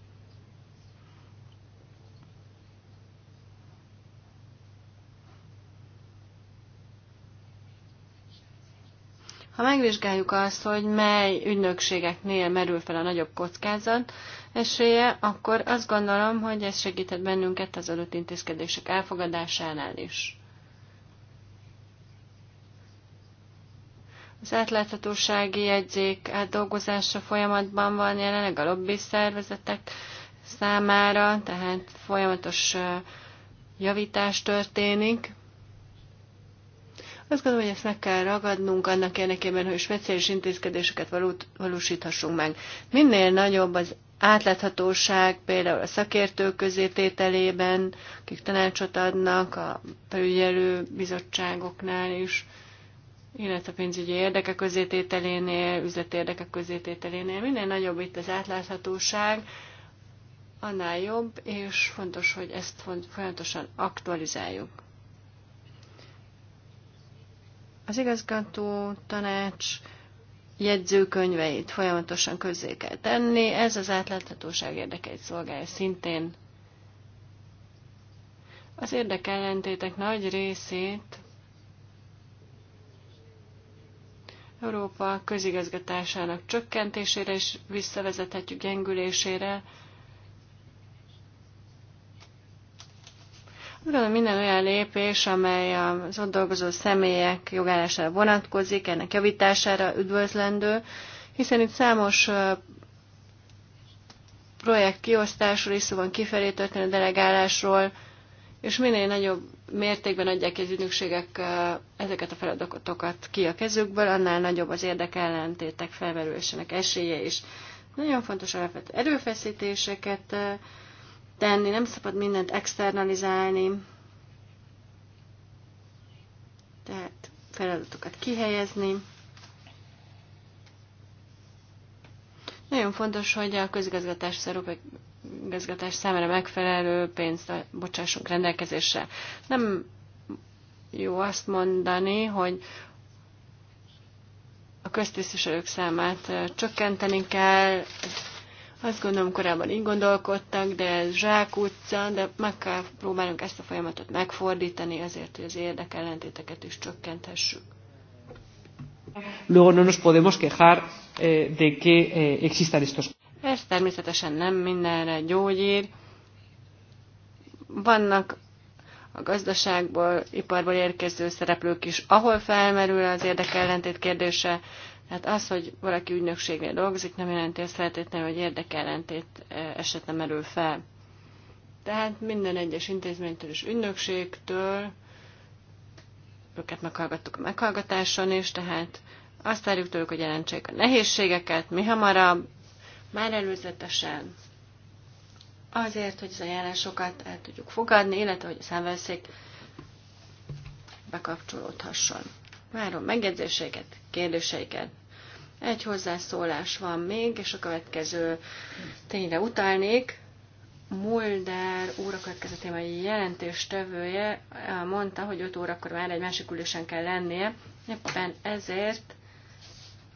Ha megvizsgáljuk azt, hogy mely ügynökségeknél merül fel a nagyobb kockázat esélye, akkor azt gondolom, hogy ez segített bennünket az adott intézkedések elfogadásánál is. Az átláthatósági jegyzék átdolgozása folyamatban van jelenleg a lobby szervezetek számára, tehát folyamatos javítás történik. Azt gondolom, hogy ezt meg kell ragadnunk annak érdekében, hogy speciális intézkedéseket valósíthassunk meg. Minél nagyobb az átláthatóság például a szakértők közétételében, akik tanácsot adnak, a felügyelő bizottságoknál is, illetve pénzügyi érdekek közétételénél, üzleti érdekek közétételénél. Minél nagyobb itt az átláthatóság, annál jobb, és fontos, hogy ezt folyamatosan aktualizáljuk. Az igazgató tanács jegyzőkönyveit folyamatosan közzé kell tenni, ez az átláthatóság érdekeit szolgálja szintén. Az érdekellentétek nagy részét Európa közigazgatásának csökkentésére és visszavezethetjük gyengülésére. Gondolom minden olyan lépés, amely az ott dolgozó személyek jogállására vonatkozik, ennek javítására üdvözlendő, hiszen itt számos projekt kiosztásról is szóval van, kifelé történő delegálásról, és minél nagyobb mértékben adják az ügynökségek ezeket a feladatokat ki a kezükből, annál nagyobb az érdekellentétek felmerülésének esélye is. Nagyon fontos alapvető erőfeszítéseket tenni, nem szabad mindent externalizálni, tehát feladatokat kihelyezni. Nagyon fontos, hogy a közigazgatás az Európai igazgatás számára megfelelő pénzt bocsássunk rendelkezésre. Nem jó azt mondani, hogy a köztisztviselők számát csökkenteni kell. Azt gondolom, korábban így gondolkodtak, de ez zsákutca, de meg kell próbálnunk ezt a folyamatot megfordítani, azért, hogy az érdekellentéteket is csökkenthessük. Luego no nos podemos quejar eh, de que eh, existan estos természetesen nem mindenre gyógyír. Vannak a gazdaságból, iparból érkező szereplők is, ahol felmerül az érdekellentét kérdése, tehát az, hogy valaki ügynökségnél dolgozik, nem jelenti azt feltétlenül, hogy érdekellentét e, esetleg merül fel. Tehát minden egyes intézménytől és ügynökségtől, őket meghallgattuk a meghallgatáson is, tehát azt várjuk tőlük, hogy jelentsék a nehézségeket, mi hamarabb, már előzetesen, azért, hogy az ajánlásokat el tudjuk fogadni, illetve hogy a számveszék bekapcsolódhasson. Várom megjegyzéseiket, kérdéseiket. Egy hozzászólás van még, és a következő tényre utalnék. Mulder úr a következő témai jelentéstevője mondta, hogy 5 órakor már egy másik ülésen kell lennie, éppen ezért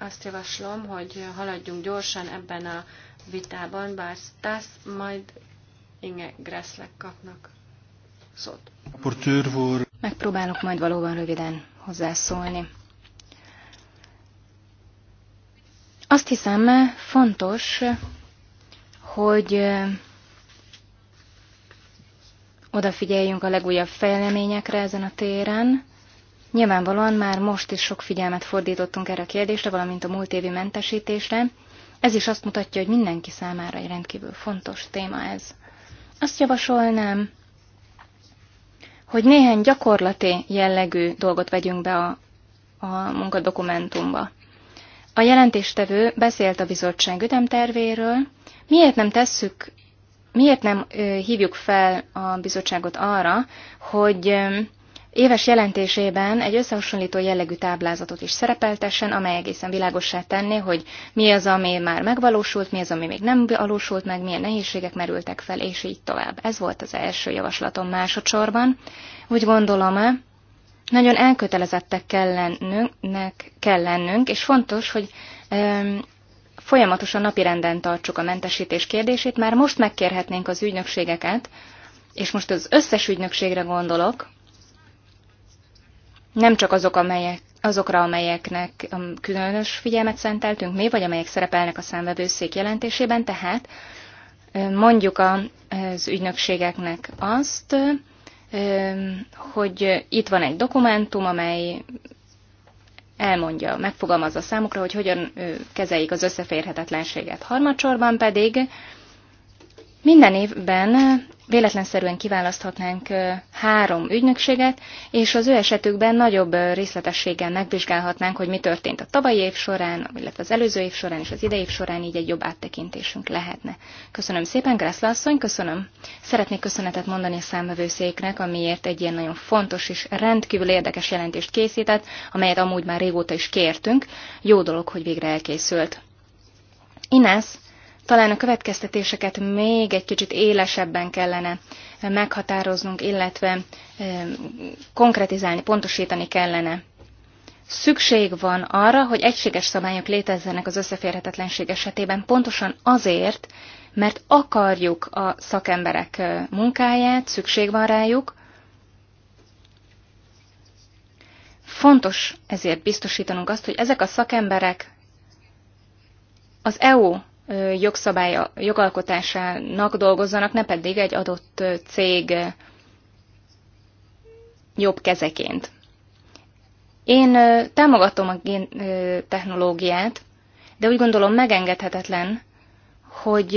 azt javaslom, hogy haladjunk gyorsan ebben a vitában, bár Stasz majd Inge Greszlek kapnak szót. Megpróbálok majd valóban röviden hozzászólni. Azt hiszem, fontos, hogy odafigyeljünk a legújabb fejleményekre ezen a téren, Nyilvánvalóan már most is sok figyelmet fordítottunk erre a kérdésre, valamint a múlt évi mentesítésre. Ez is azt mutatja, hogy mindenki számára egy rendkívül fontos téma ez. Azt javasolnám, hogy néhány gyakorlati jellegű dolgot vegyünk be a, a munkadokumentumba. A jelentéstevő beszélt a bizottság ütemtervéről. Miért nem tesszük, miért nem ö, hívjuk fel a bizottságot arra, hogy ö, éves jelentésében egy összehasonlító jellegű táblázatot is szerepeltessen, amely egészen világossá tenné, hogy mi az, ami már megvalósult, mi az, ami még nem valósult meg, milyen nehézségek merültek fel, és így tovább. Ez volt az első javaslatom másodszorban. Úgy gondolom-e, nagyon elkötelezettek kell lennünk, kell lennünk és fontos, hogy öm, folyamatosan napirenden tartsuk a mentesítés kérdését, már most megkérhetnénk az ügynökségeket, és most az összes ügynökségre gondolok, nem csak azok, amelyek, azokra, amelyeknek um, különös figyelmet szenteltünk mi, vagy amelyek szerepelnek a számvevőszék jelentésében, tehát mondjuk az ügynökségeknek azt, hogy itt van egy dokumentum, amely elmondja, megfogalmazza számukra, hogy hogyan kezeljük az összeférhetetlenséget. Harmadsorban pedig minden évben véletlenszerűen kiválaszthatnánk három ügynökséget, és az ő esetükben nagyobb részletességgel megvizsgálhatnánk, hogy mi történt a tavalyi év során, illetve az előző év során és az idei év során, így egy jobb áttekintésünk lehetne. Köszönöm szépen, Grászla asszony, köszönöm. Szeretnék köszönetet mondani a számvevőszéknek, amiért egy ilyen nagyon fontos és rendkívül érdekes jelentést készített, amelyet amúgy már régóta is kértünk. Jó dolog, hogy végre elkészült. Inesz, talán a következtetéseket még egy kicsit élesebben kellene meghatároznunk, illetve konkretizálni, pontosítani kellene. Szükség van arra, hogy egységes szabályok létezzenek az összeférhetetlenség esetében, pontosan azért, mert akarjuk a szakemberek munkáját, szükség van rájuk. Fontos ezért biztosítanunk azt, hogy ezek a szakemberek az EU jogszabály jogalkotásának dolgozzanak, ne pedig egy adott cég jobb kezeként. Én támogatom a gén technológiát, de úgy gondolom megengedhetetlen, hogy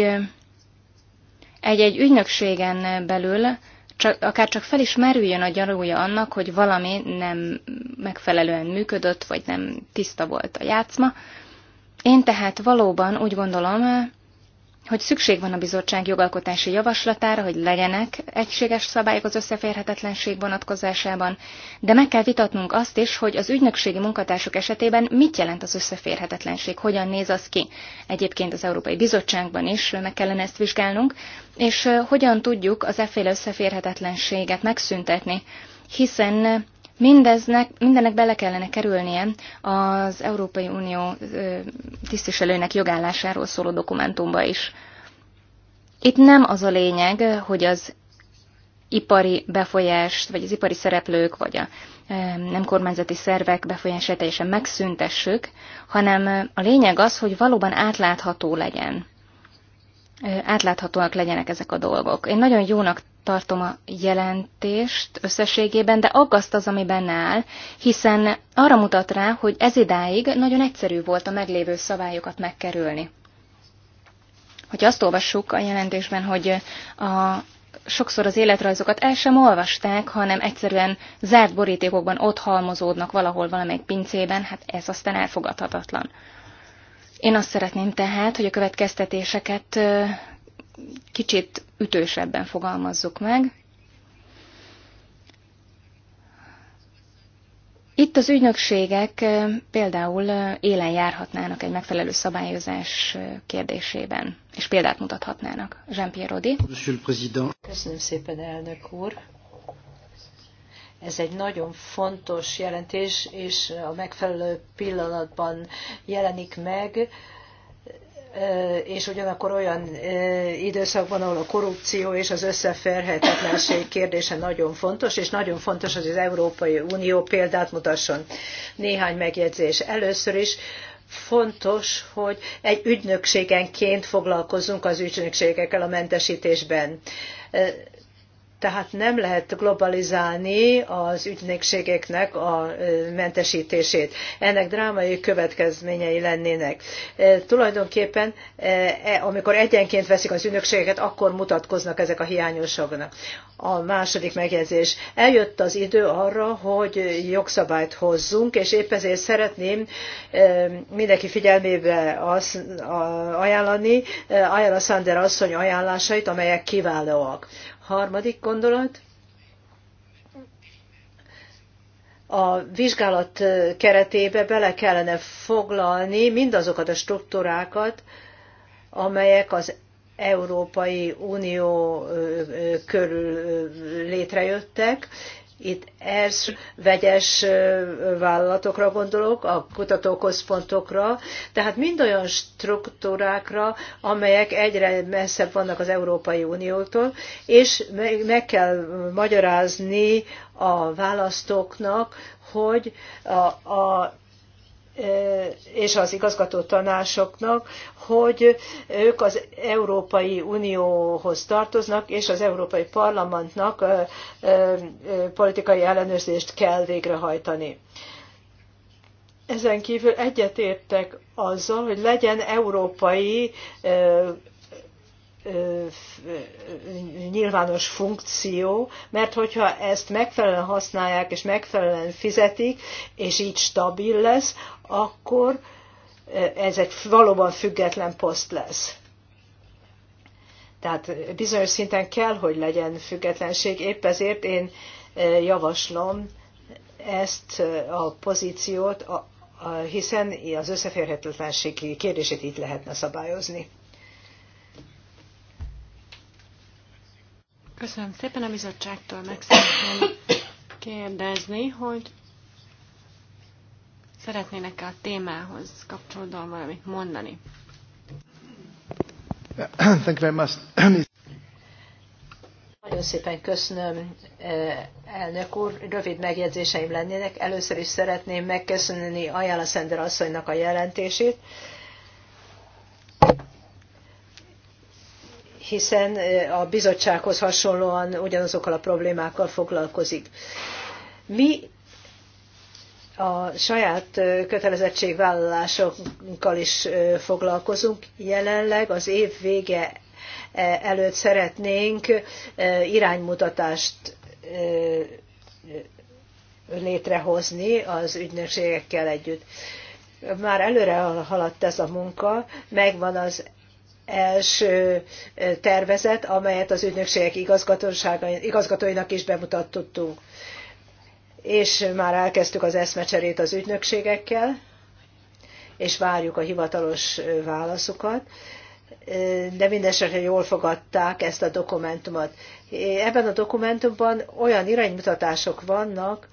egy-egy ügynökségen belül csak, akár csak fel is merüljön a gyanúja annak, hogy valami nem megfelelően működött, vagy nem tiszta volt a játszma, én tehát valóban úgy gondolom, hogy szükség van a bizottság jogalkotási javaslatára, hogy legyenek egységes szabályok az összeférhetetlenség vonatkozásában, de meg kell vitatnunk azt is, hogy az ügynökségi munkatársok esetében mit jelent az összeférhetetlenség, hogyan néz az ki. Egyébként az Európai Bizottságban is meg kellene ezt vizsgálnunk, és hogyan tudjuk az efféle összeférhetetlenséget megszüntetni, hiszen Mindeznek, mindennek bele kellene kerülnie az Európai Unió tisztviselőnek jogállásáról szóló dokumentumba is. Itt nem az a lényeg, hogy az ipari befolyást, vagy az ipari szereplők, vagy a nem kormányzati szervek befolyását teljesen megszüntessük, hanem a lényeg az, hogy valóban átlátható legyen. Átláthatóak legyenek ezek a dolgok. Én nagyon jónak tartom a jelentést összességében, de aggaszt az, ami benne áll, hiszen arra mutat rá, hogy ez idáig nagyon egyszerű volt a meglévő szabályokat megkerülni. Hogy azt olvassuk a jelentésben, hogy a, sokszor az életrajzokat el sem olvasták, hanem egyszerűen zárt borítékokban ott halmozódnak valahol valamelyik pincében, hát ez aztán elfogadhatatlan. Én azt szeretném tehát, hogy a következtetéseket kicsit ütősebben fogalmazzuk meg. Itt az ügynökségek például élen járhatnának egy megfelelő szabályozás kérdésében, és példát mutathatnának. Jean-Pierre Rodi. Köszönöm szépen, elnök úr. Ez egy nagyon fontos jelentés, és a megfelelő pillanatban jelenik meg és ugyanakkor olyan időszakban, ahol a korrupció és az összeférhetetlenség kérdése nagyon fontos, és nagyon fontos, hogy az Európai Unió példát mutasson. Néhány megjegyzés. Először is fontos, hogy egy ügynökségenként foglalkozzunk az ügynökségekkel a mentesítésben tehát nem lehet globalizálni az ügynökségeknek a mentesítését. Ennek drámai következményei lennének. Tulajdonképpen, e, amikor egyenként veszik az ügynökségeket, akkor mutatkoznak ezek a hiányosságnak. A második megjegyzés. Eljött az idő arra, hogy jogszabályt hozzunk, és épp ezért szeretném mindenki figyelmébe az, ajánlani Ayala Sander asszony ajánlásait, amelyek kiválóak Harmadik gondolat, a vizsgálat keretébe bele kellene foglalni mindazokat a struktúrákat, amelyek az Európai Unió körül létrejöttek, itt ez vegyes vállalatokra gondolok, a kutatóközpontokra, tehát mind olyan struktúrákra, amelyek egyre messzebb vannak az Európai Uniótól, és meg kell magyarázni a választóknak, hogy a, a és az igazgató tanásoknak, hogy ők az Európai Unióhoz tartoznak, és az Európai Parlamentnak politikai ellenőrzést kell végrehajtani. Ezen kívül egyetértek azzal, hogy legyen európai nyilvános funkció, mert hogyha ezt megfelelően használják és megfelelően fizetik, és így stabil lesz, akkor ez egy valóban független poszt lesz. Tehát bizonyos szinten kell, hogy legyen függetlenség, épp ezért én javaslom ezt a pozíciót, hiszen az összeférhetetlenség kérdését itt lehetne szabályozni. Köszönöm szépen a bizottságtól, meg szeretném kérdezni, hogy szeretnének -e a témához kapcsolódóan valamit mondani. Thank you very much. Nagyon szépen köszönöm, eh, elnök úr. Rövid megjegyzéseim lennének. Először is szeretném megköszönni Ajala Szender asszonynak a jelentését hiszen a bizottsághoz hasonlóan ugyanazokkal a problémákkal foglalkozik. Mi a saját kötelezettségvállalásokkal is foglalkozunk. Jelenleg az év vége e, előtt szeretnénk iránymutatást létrehozni az ügynökségekkel együtt. Már előre haladt ez a munka, megvan az első tervezet, amelyet az ügynökségek igazgatóinak is bemutattuk. És már elkezdtük az eszmecserét az ügynökségekkel, és várjuk a hivatalos válaszukat de mindesetre jól fogadták ezt a dokumentumot. Ebben a dokumentumban olyan iránymutatások vannak,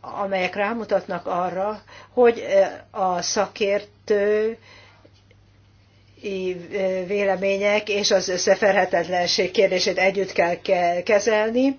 amelyek rámutatnak arra, hogy a szakértő E, vélemények és az összeferhetetlenség kérdését együtt kell kezelni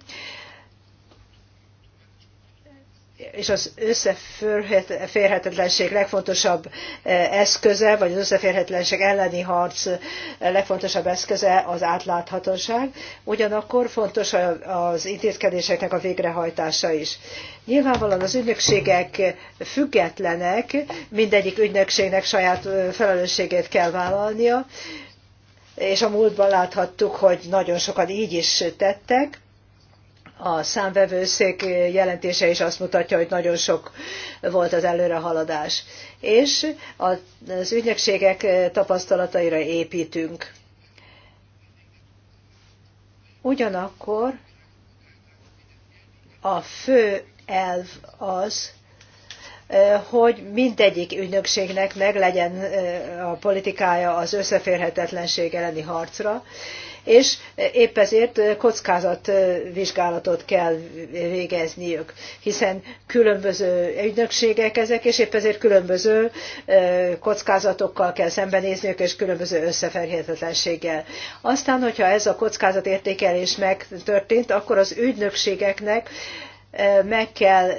és az összeférhetetlenség legfontosabb eh, eszköze, vagy az összeférhetetlenség elleni harc eh, legfontosabb eszköze az átláthatóság. Ugyanakkor fontos az intézkedéseknek a végrehajtása is. Nyilvánvalóan az ügynökségek függetlenek, mindegyik ügynökségnek saját eh, felelősségét kell vállalnia, és a múltban láthattuk, hogy nagyon sokan így is tettek, a számvevőszék jelentése is azt mutatja, hogy nagyon sok volt az előrehaladás. És az ügynökségek tapasztalataira építünk. Ugyanakkor a fő elv az, hogy mindegyik ügynökségnek meg legyen a politikája az összeférhetetlenség elleni harcra, és épp ezért kockázatvizsgálatot kell végezniük, hiszen különböző ügynökségek ezek, és épp ezért különböző kockázatokkal kell szembenézniük, és különböző összeférhetetlenséggel. Aztán, hogyha ez a kockázatértékelés megtörtént, akkor az ügynökségeknek meg kell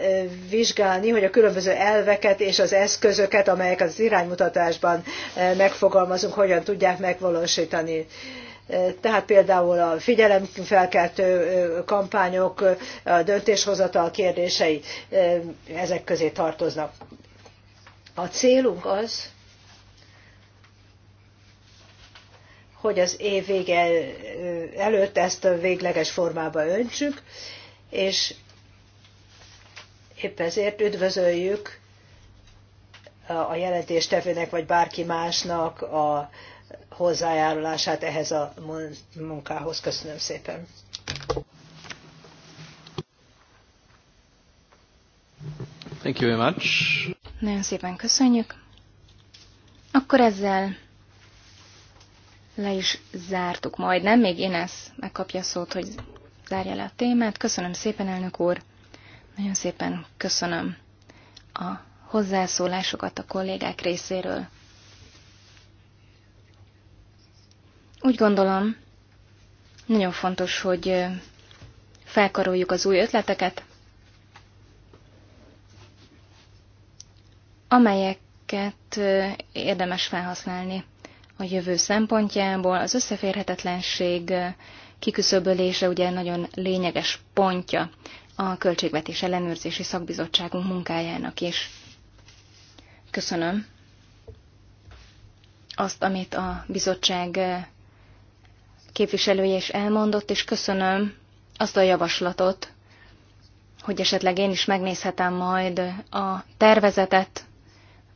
vizsgálni, hogy a különböző elveket és az eszközöket, amelyek az iránymutatásban megfogalmazunk, hogyan tudják megvalósítani. Tehát például a figyelemfelkeltő kampányok, a döntéshozatal kérdései ezek közé tartoznak. A célunk az, hogy az év vége előtt ezt a végleges formába öntsük, és épp ezért üdvözöljük a jelentéstevőnek vagy bárki másnak a hozzájárulását ehhez a munkához. Köszönöm szépen. Thank you very much. Nagyon szépen köszönjük. Akkor ezzel le is zártuk nem Még Ines megkapja a szót, hogy zárja le a témát. Köszönöm szépen, elnök úr. Nagyon szépen köszönöm a hozzászólásokat a kollégák részéről. Úgy gondolom, nagyon fontos, hogy felkaroljuk az új ötleteket, amelyeket érdemes felhasználni a jövő szempontjából. Az összeférhetetlenség kiküszöbölése ugye nagyon lényeges pontja a Költségvetés Ellenőrzési Szakbizottságunk munkájának is. Köszönöm azt, amit a bizottság képviselője is elmondott, és köszönöm azt a javaslatot, hogy esetleg én is megnézhetem majd a tervezetet,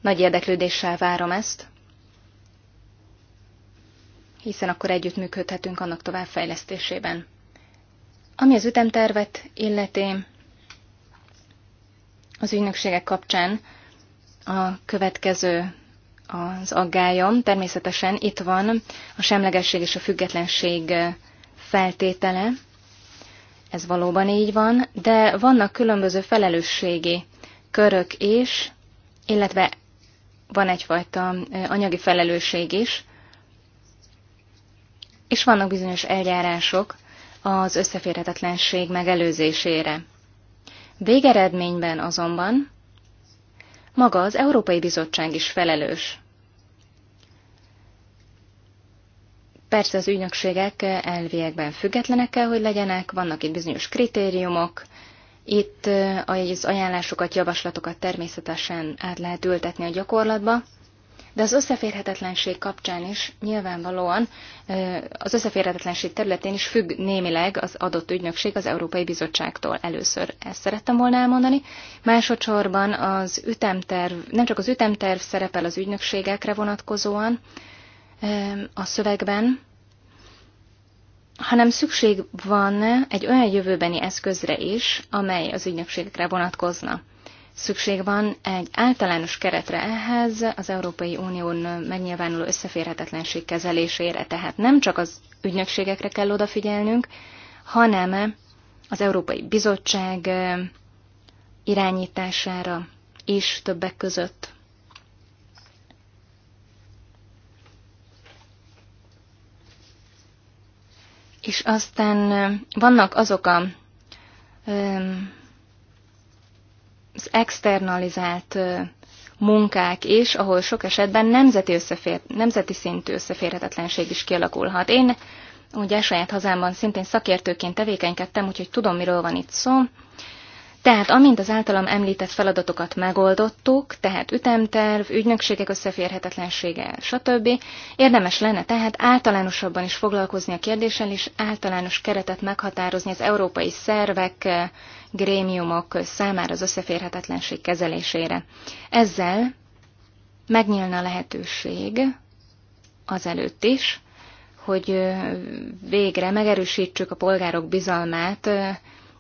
nagy érdeklődéssel várom ezt, hiszen akkor együttműködhetünk annak továbbfejlesztésében. Ami az ütemtervet illeti, az ügynökségek kapcsán a következő az aggályom. Természetesen itt van a semlegesség és a függetlenség feltétele. Ez valóban így van, de vannak különböző felelősségi körök is, illetve van egyfajta anyagi felelősség is, és vannak bizonyos eljárások az összeférhetetlenség megelőzésére. Végeredményben azonban maga az Európai Bizottság is felelős. Persze az ügynökségek elviekben függetlenek kell, hogy legyenek, vannak itt bizonyos kritériumok, itt eh, az ajánlásokat, javaslatokat természetesen át lehet ültetni a gyakorlatba, de az összeférhetetlenség kapcsán is nyilvánvalóan az összeférhetetlenség területén is függ némileg az adott ügynökség az Európai Bizottságtól. Először ezt szerettem volna elmondani. Másodszorban az ütemterv, nem csak az ütemterv szerepel az ügynökségekre vonatkozóan a szövegben, hanem szükség van egy olyan jövőbeni eszközre is, amely az ügynökségekre vonatkozna. Szükség van egy általános keretre ehhez, az Európai Unión megnyilvánuló összeférhetetlenség kezelésére, tehát nem csak az ügynökségekre kell odafigyelnünk, hanem az Európai Bizottság irányítására is többek között. És aztán vannak azok a az externalizált munkák is, ahol sok esetben nemzeti, összefér, nemzeti szintű összeférhetetlenség is kialakulhat. Én ugye saját hazámban szintén szakértőként tevékenykedtem, úgyhogy tudom, miről van itt szó. Tehát amint az általam említett feladatokat megoldottuk, tehát ütemterv, ügynökségek összeférhetetlensége, stb., érdemes lenne tehát általánosabban is foglalkozni a kérdéssel, és általános keretet meghatározni az európai szervek grémiumok számára az összeférhetetlenség kezelésére. Ezzel megnyílna a lehetőség azelőtt is, hogy végre megerősítsük a polgárok bizalmát,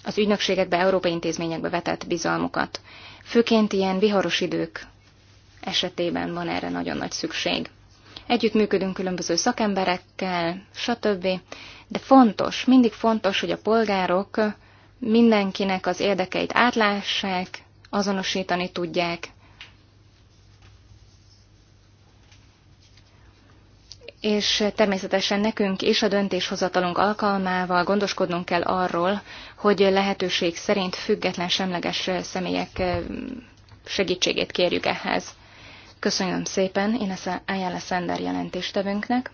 az ügynökségekbe, európai intézményekbe vetett bizalmukat. Főként ilyen viharos idők esetében van erre nagyon nagy szükség. Együttműködünk különböző szakemberekkel, stb. De fontos, mindig fontos, hogy a polgárok mindenkinek az érdekeit átlássák, azonosítani tudják, és természetesen nekünk és a döntéshozatalunk alkalmával gondoskodnunk kell arról, hogy lehetőség szerint független semleges személyek segítségét kérjük ehhez. Köszönöm szépen én ezt Ayala Sender jelentéstevünknek.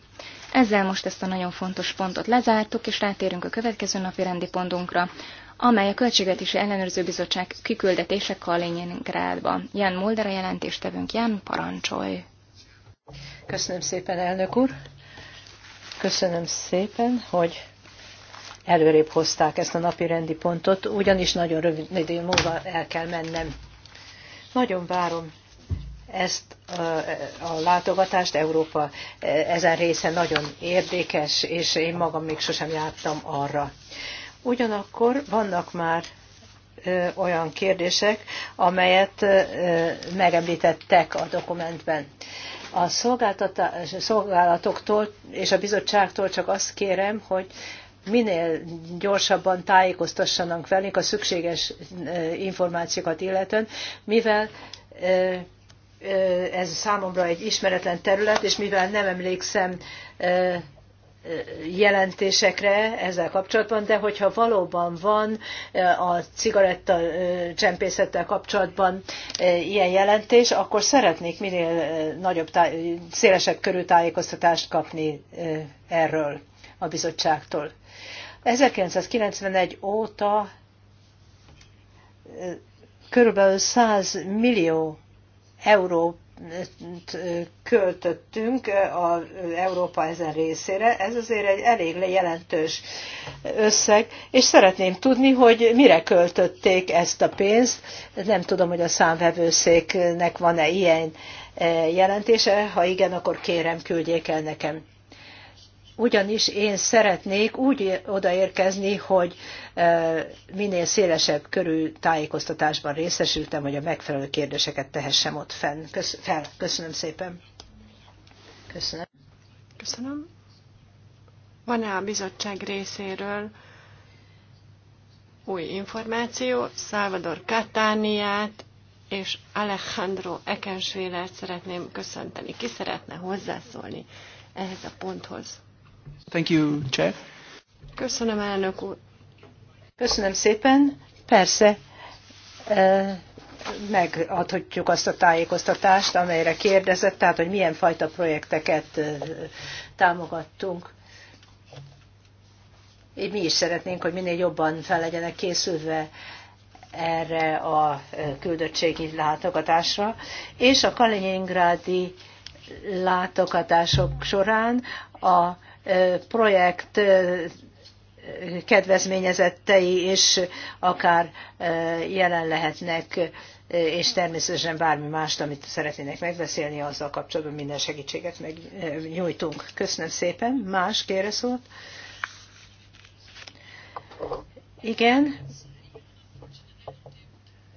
Ezzel most ezt a nagyon fontos pontot lezártuk, és rátérünk a következő napi rendi pontunkra, amely a Költségvetési Ellenőrző Bizottság kiküldetése Kaliningrádba. Jan Mulder a jelentéstevőnk. Jan, parancsolj! Köszönöm szépen, elnök úr! Köszönöm szépen, hogy előrébb hozták ezt a napi rendi pontot, ugyanis nagyon rövid idő múlva el kell mennem. Nagyon várom ezt a, a látogatást. Európa ezen része nagyon érdekes, és én magam még sosem jártam arra. Ugyanakkor vannak már olyan kérdések, amelyet megemlítettek a dokumentben. A szolgálatoktól és a bizottságtól csak azt kérem, hogy minél gyorsabban tájékoztassanak velünk a szükséges információkat illetően, mivel ez számomra egy ismeretlen terület, és mivel nem emlékszem jelentésekre ezzel kapcsolatban, de hogyha valóban van eh, a cigaretta eh, csempészettel kapcsolatban eh, ilyen jelentés, akkor szeretnék minél nagyobb, szélesebb körű tájékoztatást kapni erről a bizottságtól. 1991 óta körülbelül 100 millió euró költöttünk az Európa ezen részére. Ez azért egy elég jelentős összeg, és szeretném tudni, hogy mire költötték ezt a pénzt. Nem tudom, hogy a számvevőszéknek van-e ilyen jelentése. Ha igen, akkor kérem, küldjék el nekem ugyanis én szeretnék úgy odaérkezni, hogy e, minél szélesebb körű tájékoztatásban részesültem, hogy a megfelelő kérdéseket tehessem ott fenn. Kösz, fel. Köszönöm szépen. Köszönöm. Köszönöm. Van-e a bizottság részéről új információ? Salvador Katániát és Alejandro Ekensvélet szeretném köszönteni. Ki szeretne hozzászólni ehhez a ponthoz? Thank you, Chair. Köszönöm, elnök úr. Köszönöm szépen. Persze, eh, megadhatjuk azt a tájékoztatást, amelyre kérdezett, tehát hogy milyen fajta projekteket eh, támogattunk. Így mi is szeretnénk, hogy minél jobban fel legyenek készülve erre a eh, küldöttségi látogatásra, és a Kaliningrádi látogatások során a projekt kedvezményezettei is akár jelen lehetnek, és természetesen bármi mást, amit szeretnének megbeszélni, azzal kapcsolatban minden segítséget megnyújtunk. Köszönöm szépen. Más kére szólt? Igen.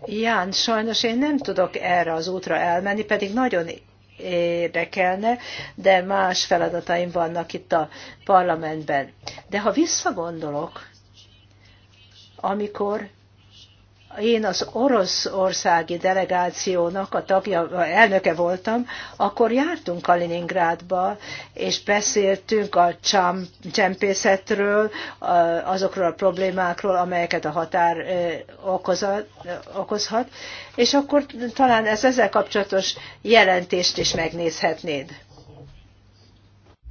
Ján, sajnos én nem tudok erre az útra elmenni, pedig nagyon érdekelne, de más feladataim vannak itt a parlamentben. De ha visszagondolok, amikor én az oroszországi delegációnak a tagja, elnöke voltam, akkor jártunk Kaliningrádba, és beszéltünk a csempészetről, azokról a problémákról, amelyeket a határ okozhat, és akkor talán ez ezzel kapcsolatos jelentést is megnézhetnéd.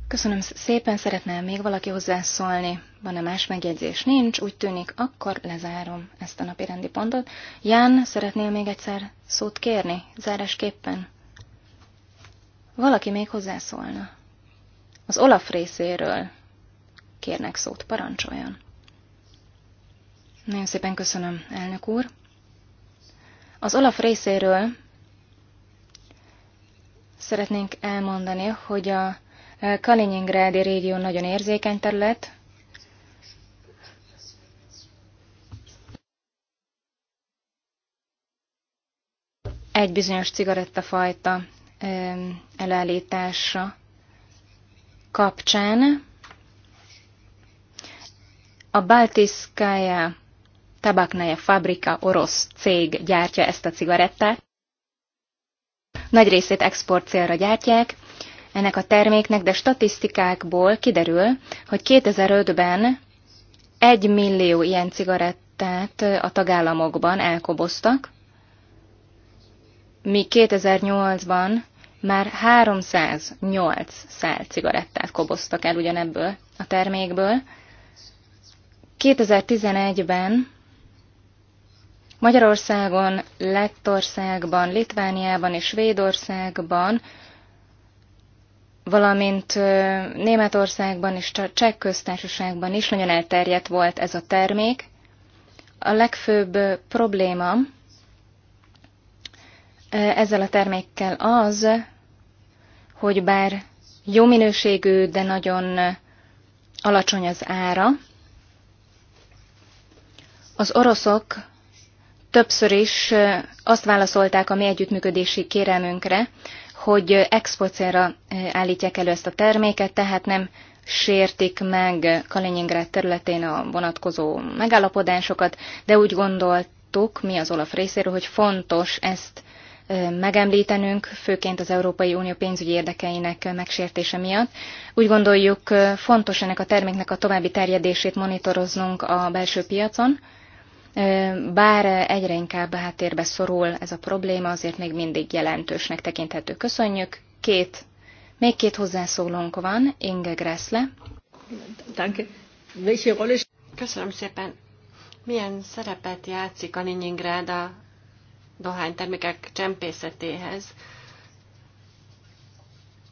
Köszönöm szépen, szeretném még valaki hozzászólni? Van-e más megjegyzés? Nincs, úgy tűnik, akkor lezárom ezt a napi rendi pontot. Ján, szeretnél még egyszer szót kérni? Zárásképpen. Valaki még hozzászólna. Az Olaf részéről kérnek szót, parancsoljon. Nagyon szépen köszönöm, elnök úr. Az Olaf részéről szeretnénk elmondani, hogy a Kaliningrádi régió nagyon érzékeny terület, egy bizonyos cigarettafajta elállítása kapcsán. A Baltiskaya Tabaknaya Fabrika orosz cég gyártja ezt a cigarettát. Nagy részét export célra gyártják ennek a terméknek, de statisztikákból kiderül, hogy 2005-ben 1 millió ilyen cigarettát a tagállamokban elkoboztak, mi 2008-ban már 308 szál cigarettát koboztak el ugyanebből a termékből. 2011-ben Magyarországon, Lettországban, Litvániában és Svédországban, valamint Németországban és Cseh köztársaságban is nagyon elterjedt volt ez a termék. A legfőbb probléma ezzel a termékkel az, hogy bár jó minőségű, de nagyon alacsony az ára, az oroszok többször is azt válaszolták a mi együttműködési kérelmünkre, hogy exportcélra állítják elő ezt a terméket, tehát nem sértik meg Kaliningrád területén a vonatkozó megállapodásokat, de úgy gondoltuk mi az Olaf részéről, hogy fontos ezt megemlítenünk, főként az Európai Unió pénzügyi érdekeinek megsértése miatt. Úgy gondoljuk, fontos ennek a terméknek a további terjedését monitoroznunk a belső piacon, bár egyre inkább háttérbe szorul ez a probléma, azért még mindig jelentősnek tekinthető. Köszönjük. Két, még két hozzászólónk van, Inge Gressle. Köszönöm szépen. Milyen szerepet játszik a Niningrád a dohánytermékek csempészetéhez.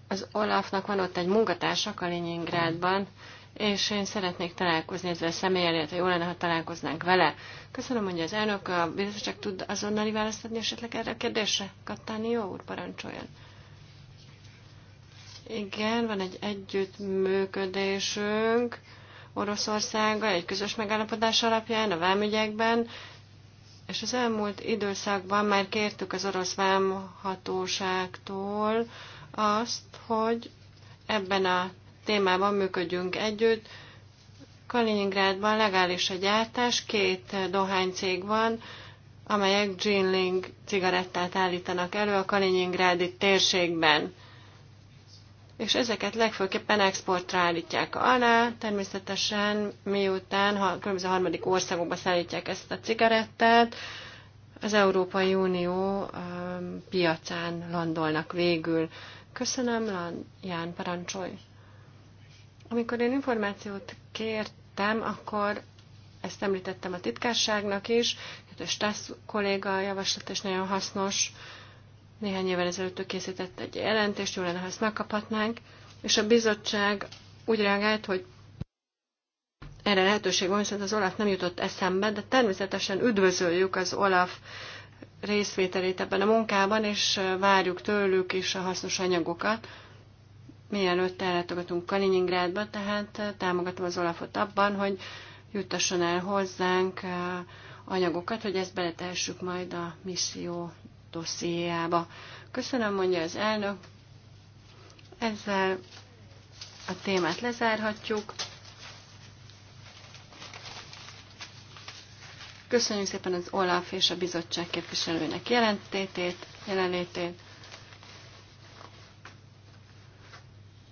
Az Olafnak van ott egy munkatársa Kaliningrádban, és én szeretnék találkozni ezzel személyen, illetve jó lenne, ha találkoznánk vele. Köszönöm, hogy az elnök a bizottság tud azonnali választ adni esetleg erre a kérdésre. Kattáni, jó úr, parancsoljon. Igen, van egy együttműködésünk Oroszországgal, egy közös megállapodás alapján a vámügyekben, és az elmúlt időszakban már kértük az orosz vámhatóságtól azt, hogy ebben a témában működjünk együtt. Kaliningrádban legális a gyártás, két dohánycég van, amelyek Jinling cigarettát állítanak elő a Kaliningrádi térségben és ezeket legfőképpen exportra állítják alá, természetesen miután ha különböző harmadik országokba szállítják ezt a cigarettát, az Európai Unió um, piacán landolnak végül. Köszönöm, Lan Ján, parancsolj! Amikor én információt kértem, akkor ezt említettem a titkárságnak is, a Stász kolléga javaslat is nagyon hasznos, uh, néhány évvel ezelőtt készített egy jelentést, jó lenne, ha ezt megkaphatnánk, és a bizottság úgy reagált, hogy erre lehetőség van, viszont az Olaf nem jutott eszembe, de természetesen üdvözöljük az Olaf részvételét ebben a munkában, és várjuk tőlük is a hasznos anyagokat, mielőtt ellátogatunk Kaliningrádba, tehát támogatom az Olafot abban, hogy juttasson el hozzánk eh, anyagokat, hogy ezt beletessük majd a misszió dossziéjába. Köszönöm, mondja az elnök. Ezzel a témát lezárhatjuk. Köszönjük szépen az Olaf és a bizottság képviselőnek jelentétét, jelenlétét.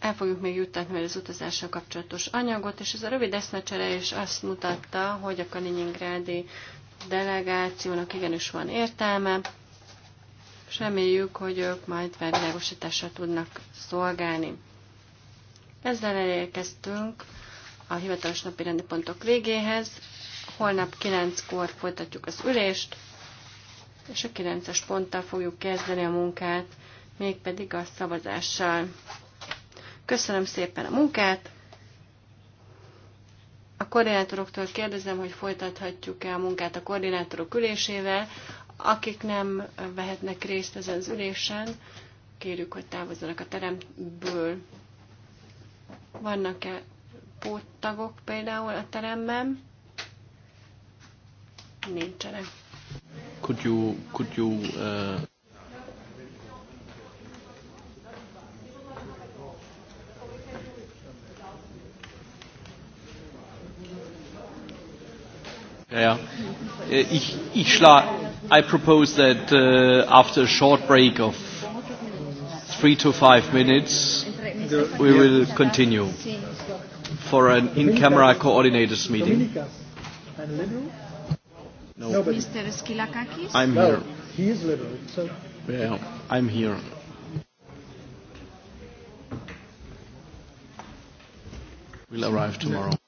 El fogjuk még juttatni az utazással kapcsolatos anyagot, és ez a rövid eszmecsere is azt mutatta, hogy a Kaliningrádi delegációnak igenis van értelme és reméljük, hogy ők majd felvilágosításra tudnak szolgálni. Ezzel elérkeztünk a hivatalos napi rendi pontok végéhez. Holnap 9-kor folytatjuk az ülést, és a 9-es ponttal fogjuk kezdeni a munkát, mégpedig a szavazással. Köszönöm szépen a munkát! A koordinátoroktól kérdezem, hogy folytathatjuk-e a munkát a koordinátorok ülésével, akik nem vehetnek részt ezen az ülésen, kérjük, hogy távozzanak a teremből. Vannak-e póttagok például a teremben? Nincsenek. Could you, could you, uh... Ja, ja. Äh, ich, ich, schlage. I propose that uh, after a short break of three to five minutes, we will continue for an in-camera coordinators meeting. No. Mr. Skilakakis? I'm here. he is liberal. Yeah, I'm here. We'll arrive tomorrow.